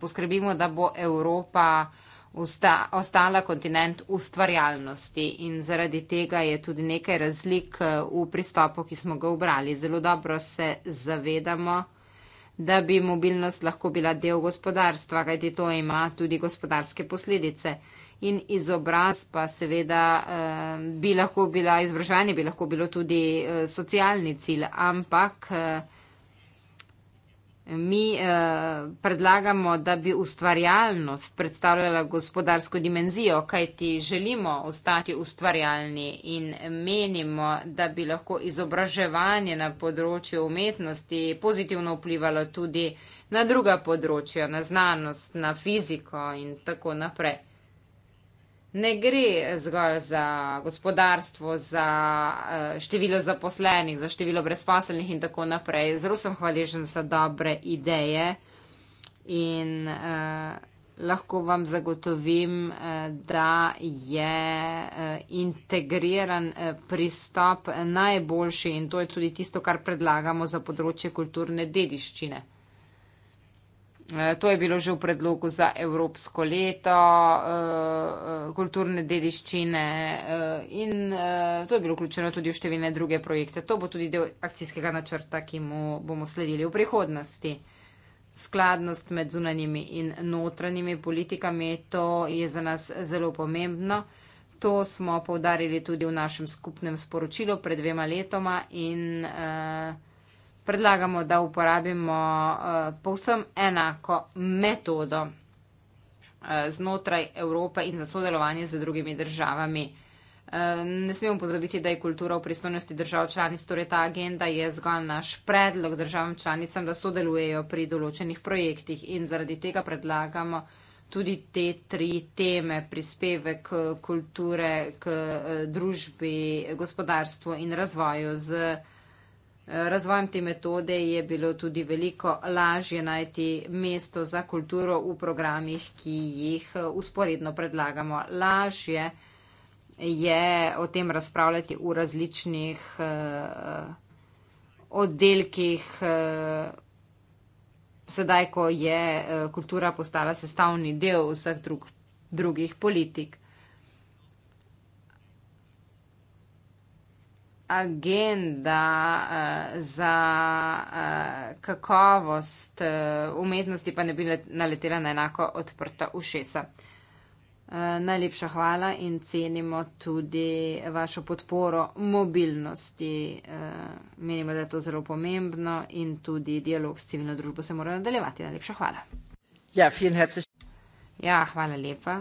poskrbimo, da bo Evropa uh, Osta, ostala kontinent ustvarjalnosti in zaradi tega je tudi nekaj razlik eh, v pristopu, ki smo ga obrali. Zelo dobro se zavedamo, da bi mobilnost lahko bila del gospodarstva, kajti to ima tudi gospodarske posledice. In izobraz pa seveda eh, bi lahko bila, izobraževanje bi lahko bilo tudi eh, socialni cilj, ampak eh, Mi eh, predlagamo, da bi ustvarjalnost predstavljala gospodarsko dimenzijo, kajti želimo ostati ustvarjalni in menimo, da bi lahko izobraževanje na področju umetnosti pozitivno vplivalo tudi na druga področja, na znanost, na fiziko in tako naprej ne gre zgolj za gospodarstvo, za eh, število zaposlenih, za število brezposelnih in tako naprej. Zelo sem hvaležen za dobre ideje in uh, lahko vam zagotovim, uh, da je uh, integriran uh, pristop najboljši in to je tudi tisto, kar predlagamo za področje kulturne dediščine. Eh, to je bilo že v predlogu za Evropsko leto eh, eh, kulturne dediščine in to je bilo vključeno tudi v številne druge projekte. To bo tudi del akcijskega načrta, ki mu bomo sledili v prihodnosti. Skladnost med zunanjimi in notranjimi politikami, to je za nas zelo pomembno. To smo povdarili tudi v našem skupnem sporočilu pred dvema letoma in uh, predlagamo, da uporabimo uh, povsem enako metodo uh, znotraj Evrope in za sodelovanje z drugimi državami. Eh, ne smemo pozabiti, da je kultura v pristojnosti držav članic, torej ta agenda je zgolj naš predlog državam članicam, da sodelujejo pri določenih projektih in zaradi tega predlagamo tudi te tri teme, prispevek kulture k družbi, gospodarstvu in razvoju z uh, razvojem te metode je bilo tudi veliko lažje najti mesto za kulturo v programih, ki jih usporedno eh, predlagamo. Lažje je o tem razpravljati v različnih eh, oddelkih, eh, sedaj, ko je kultura postala sestavni del vseh drug, drugih politik. agenda eh, za eh, kakovost eh, umetnosti pa ne bi naletela na enako odprta ušesa. Najlepša hvala in cenimo tudi vašo podporo mobilnosti. Menimo, da je to zelo pomembno in tudi dialog s civilno družbo se mora nadaljevati. Najlepša hvala. Ja, vielen herzlichen. Ja, hvala lepa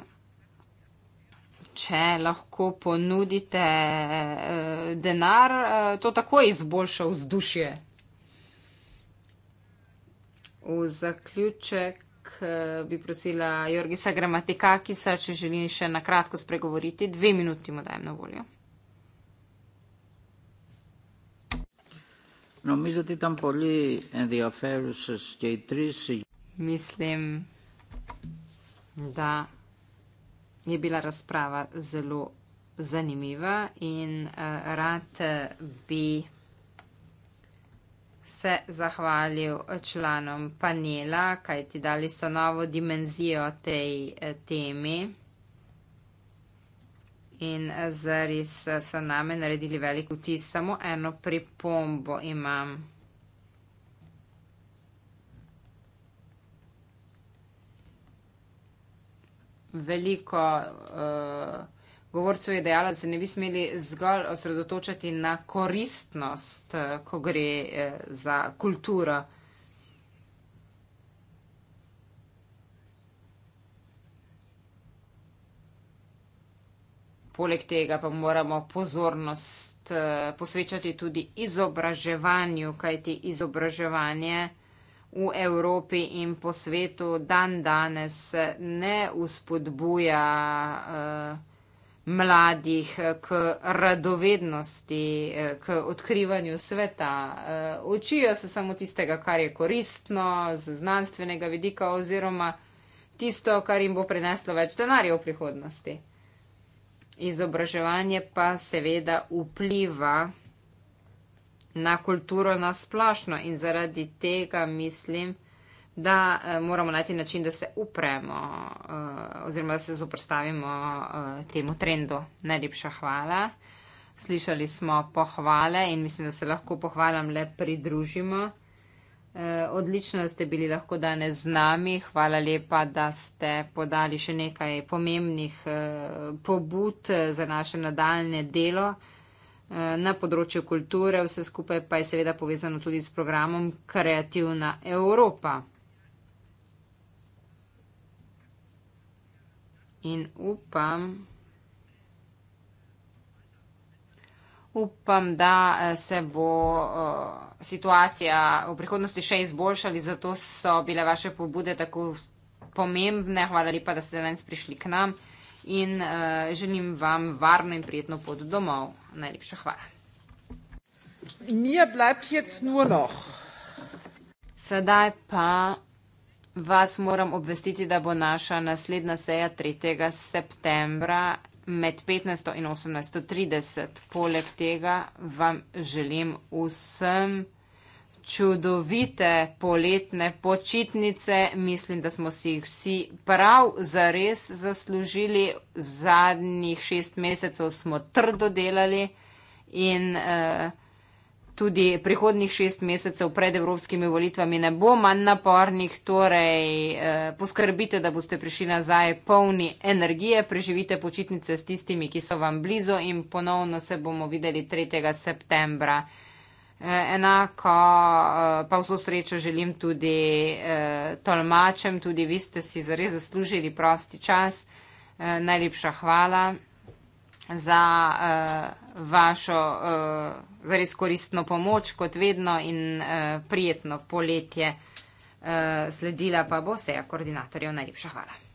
če lahko ponudite uh, denar, uh, to tako izboljša vzdušje. V zaključek uh, bi prosila Jorgisa Gramatika, ki se, če želim še na kratko spregovoriti, dve minuti mu dajem na voljo. No, mislim, da je bila razprava zelo zanimiva in uh, rad bi se zahvalil eh, članom panela, kajti dali so novo dimenzijo tej uh, temi. In zares so name naredili velik vtis, samo eno pripombo imam. veliko uh, govorcev je dejala, da se ne bi smeli zgolj osredotočati na koristnost, uh, ko gre uh, za kulturo. Poleg tega pa moramo pozornost uh, posvečati tudi izobraževanju, kajti izobraževanje v Evropi in po svetu dan danes ne uspodbuja eh, mladih k radovednosti, eh, k odkrivanju sveta. Eh, učijo se samo tistega, kar je koristno z znanstvenega vidika oziroma tisto, kar jim bo prineslo več denarja v prihodnosti. Izobraževanje pa seveda vpliva na kulturo nasplošno in zaradi tega mislim, da uh, moramo najti način, da se upremo uh, oziroma da se zoprstavimo uh, temu trendu. Najlepša hvala. Slišali smo pohvale in mislim, da se lahko pohvalam le pridružimo. Odlično, da ste bili lahko danes z nami. Hvala lepa, da ste podali še nekaj pomembnih pobud za naše nadaljne delo na področju kulture, vse skupaj pa je seveda povezano tudi s programom Kreativna Evropa. In upam, upam, da eh, se bo eh, situacija v prihodnosti še izboljšala, zato so bile vaše pobude tako pomembne. Hvala lepa, da ste danes prišli k nam in eh, želim vam varno in prijetno pot domov. Najlepša hvala. Mija bleibt jetzt nur noch. Sedaj pa vas moram obvestiti, da bo naša naslednja seja 3. septembra med 15. in 18.30. Poleg tega vam želim vsem čudovite poletne počitnice. Mislim, da smo si jih vsi prav zares zaslužili. Zadnjih šest mesecev smo trdo delali in uh, tudi prihodnjih šest mesecev pred evropskimi volitvami ne bo manj napornih. Torej, uh, poskrbite, da boste prišli nazaj polni energije, preživite počitnice s tistimi, ki so vam blizu in ponovno se bomo videli 3. septembra. Enako eh, pa vso srečo želim tudi eh, tolmačem, tudi vi ste si zares zaslužili prosti čas. Eh, najlepša hvala za vašo zares koristno pomoč, kot vedno in prijetno poletje. Sledila pa bo seja koordinatorjev. Najlepša hvala.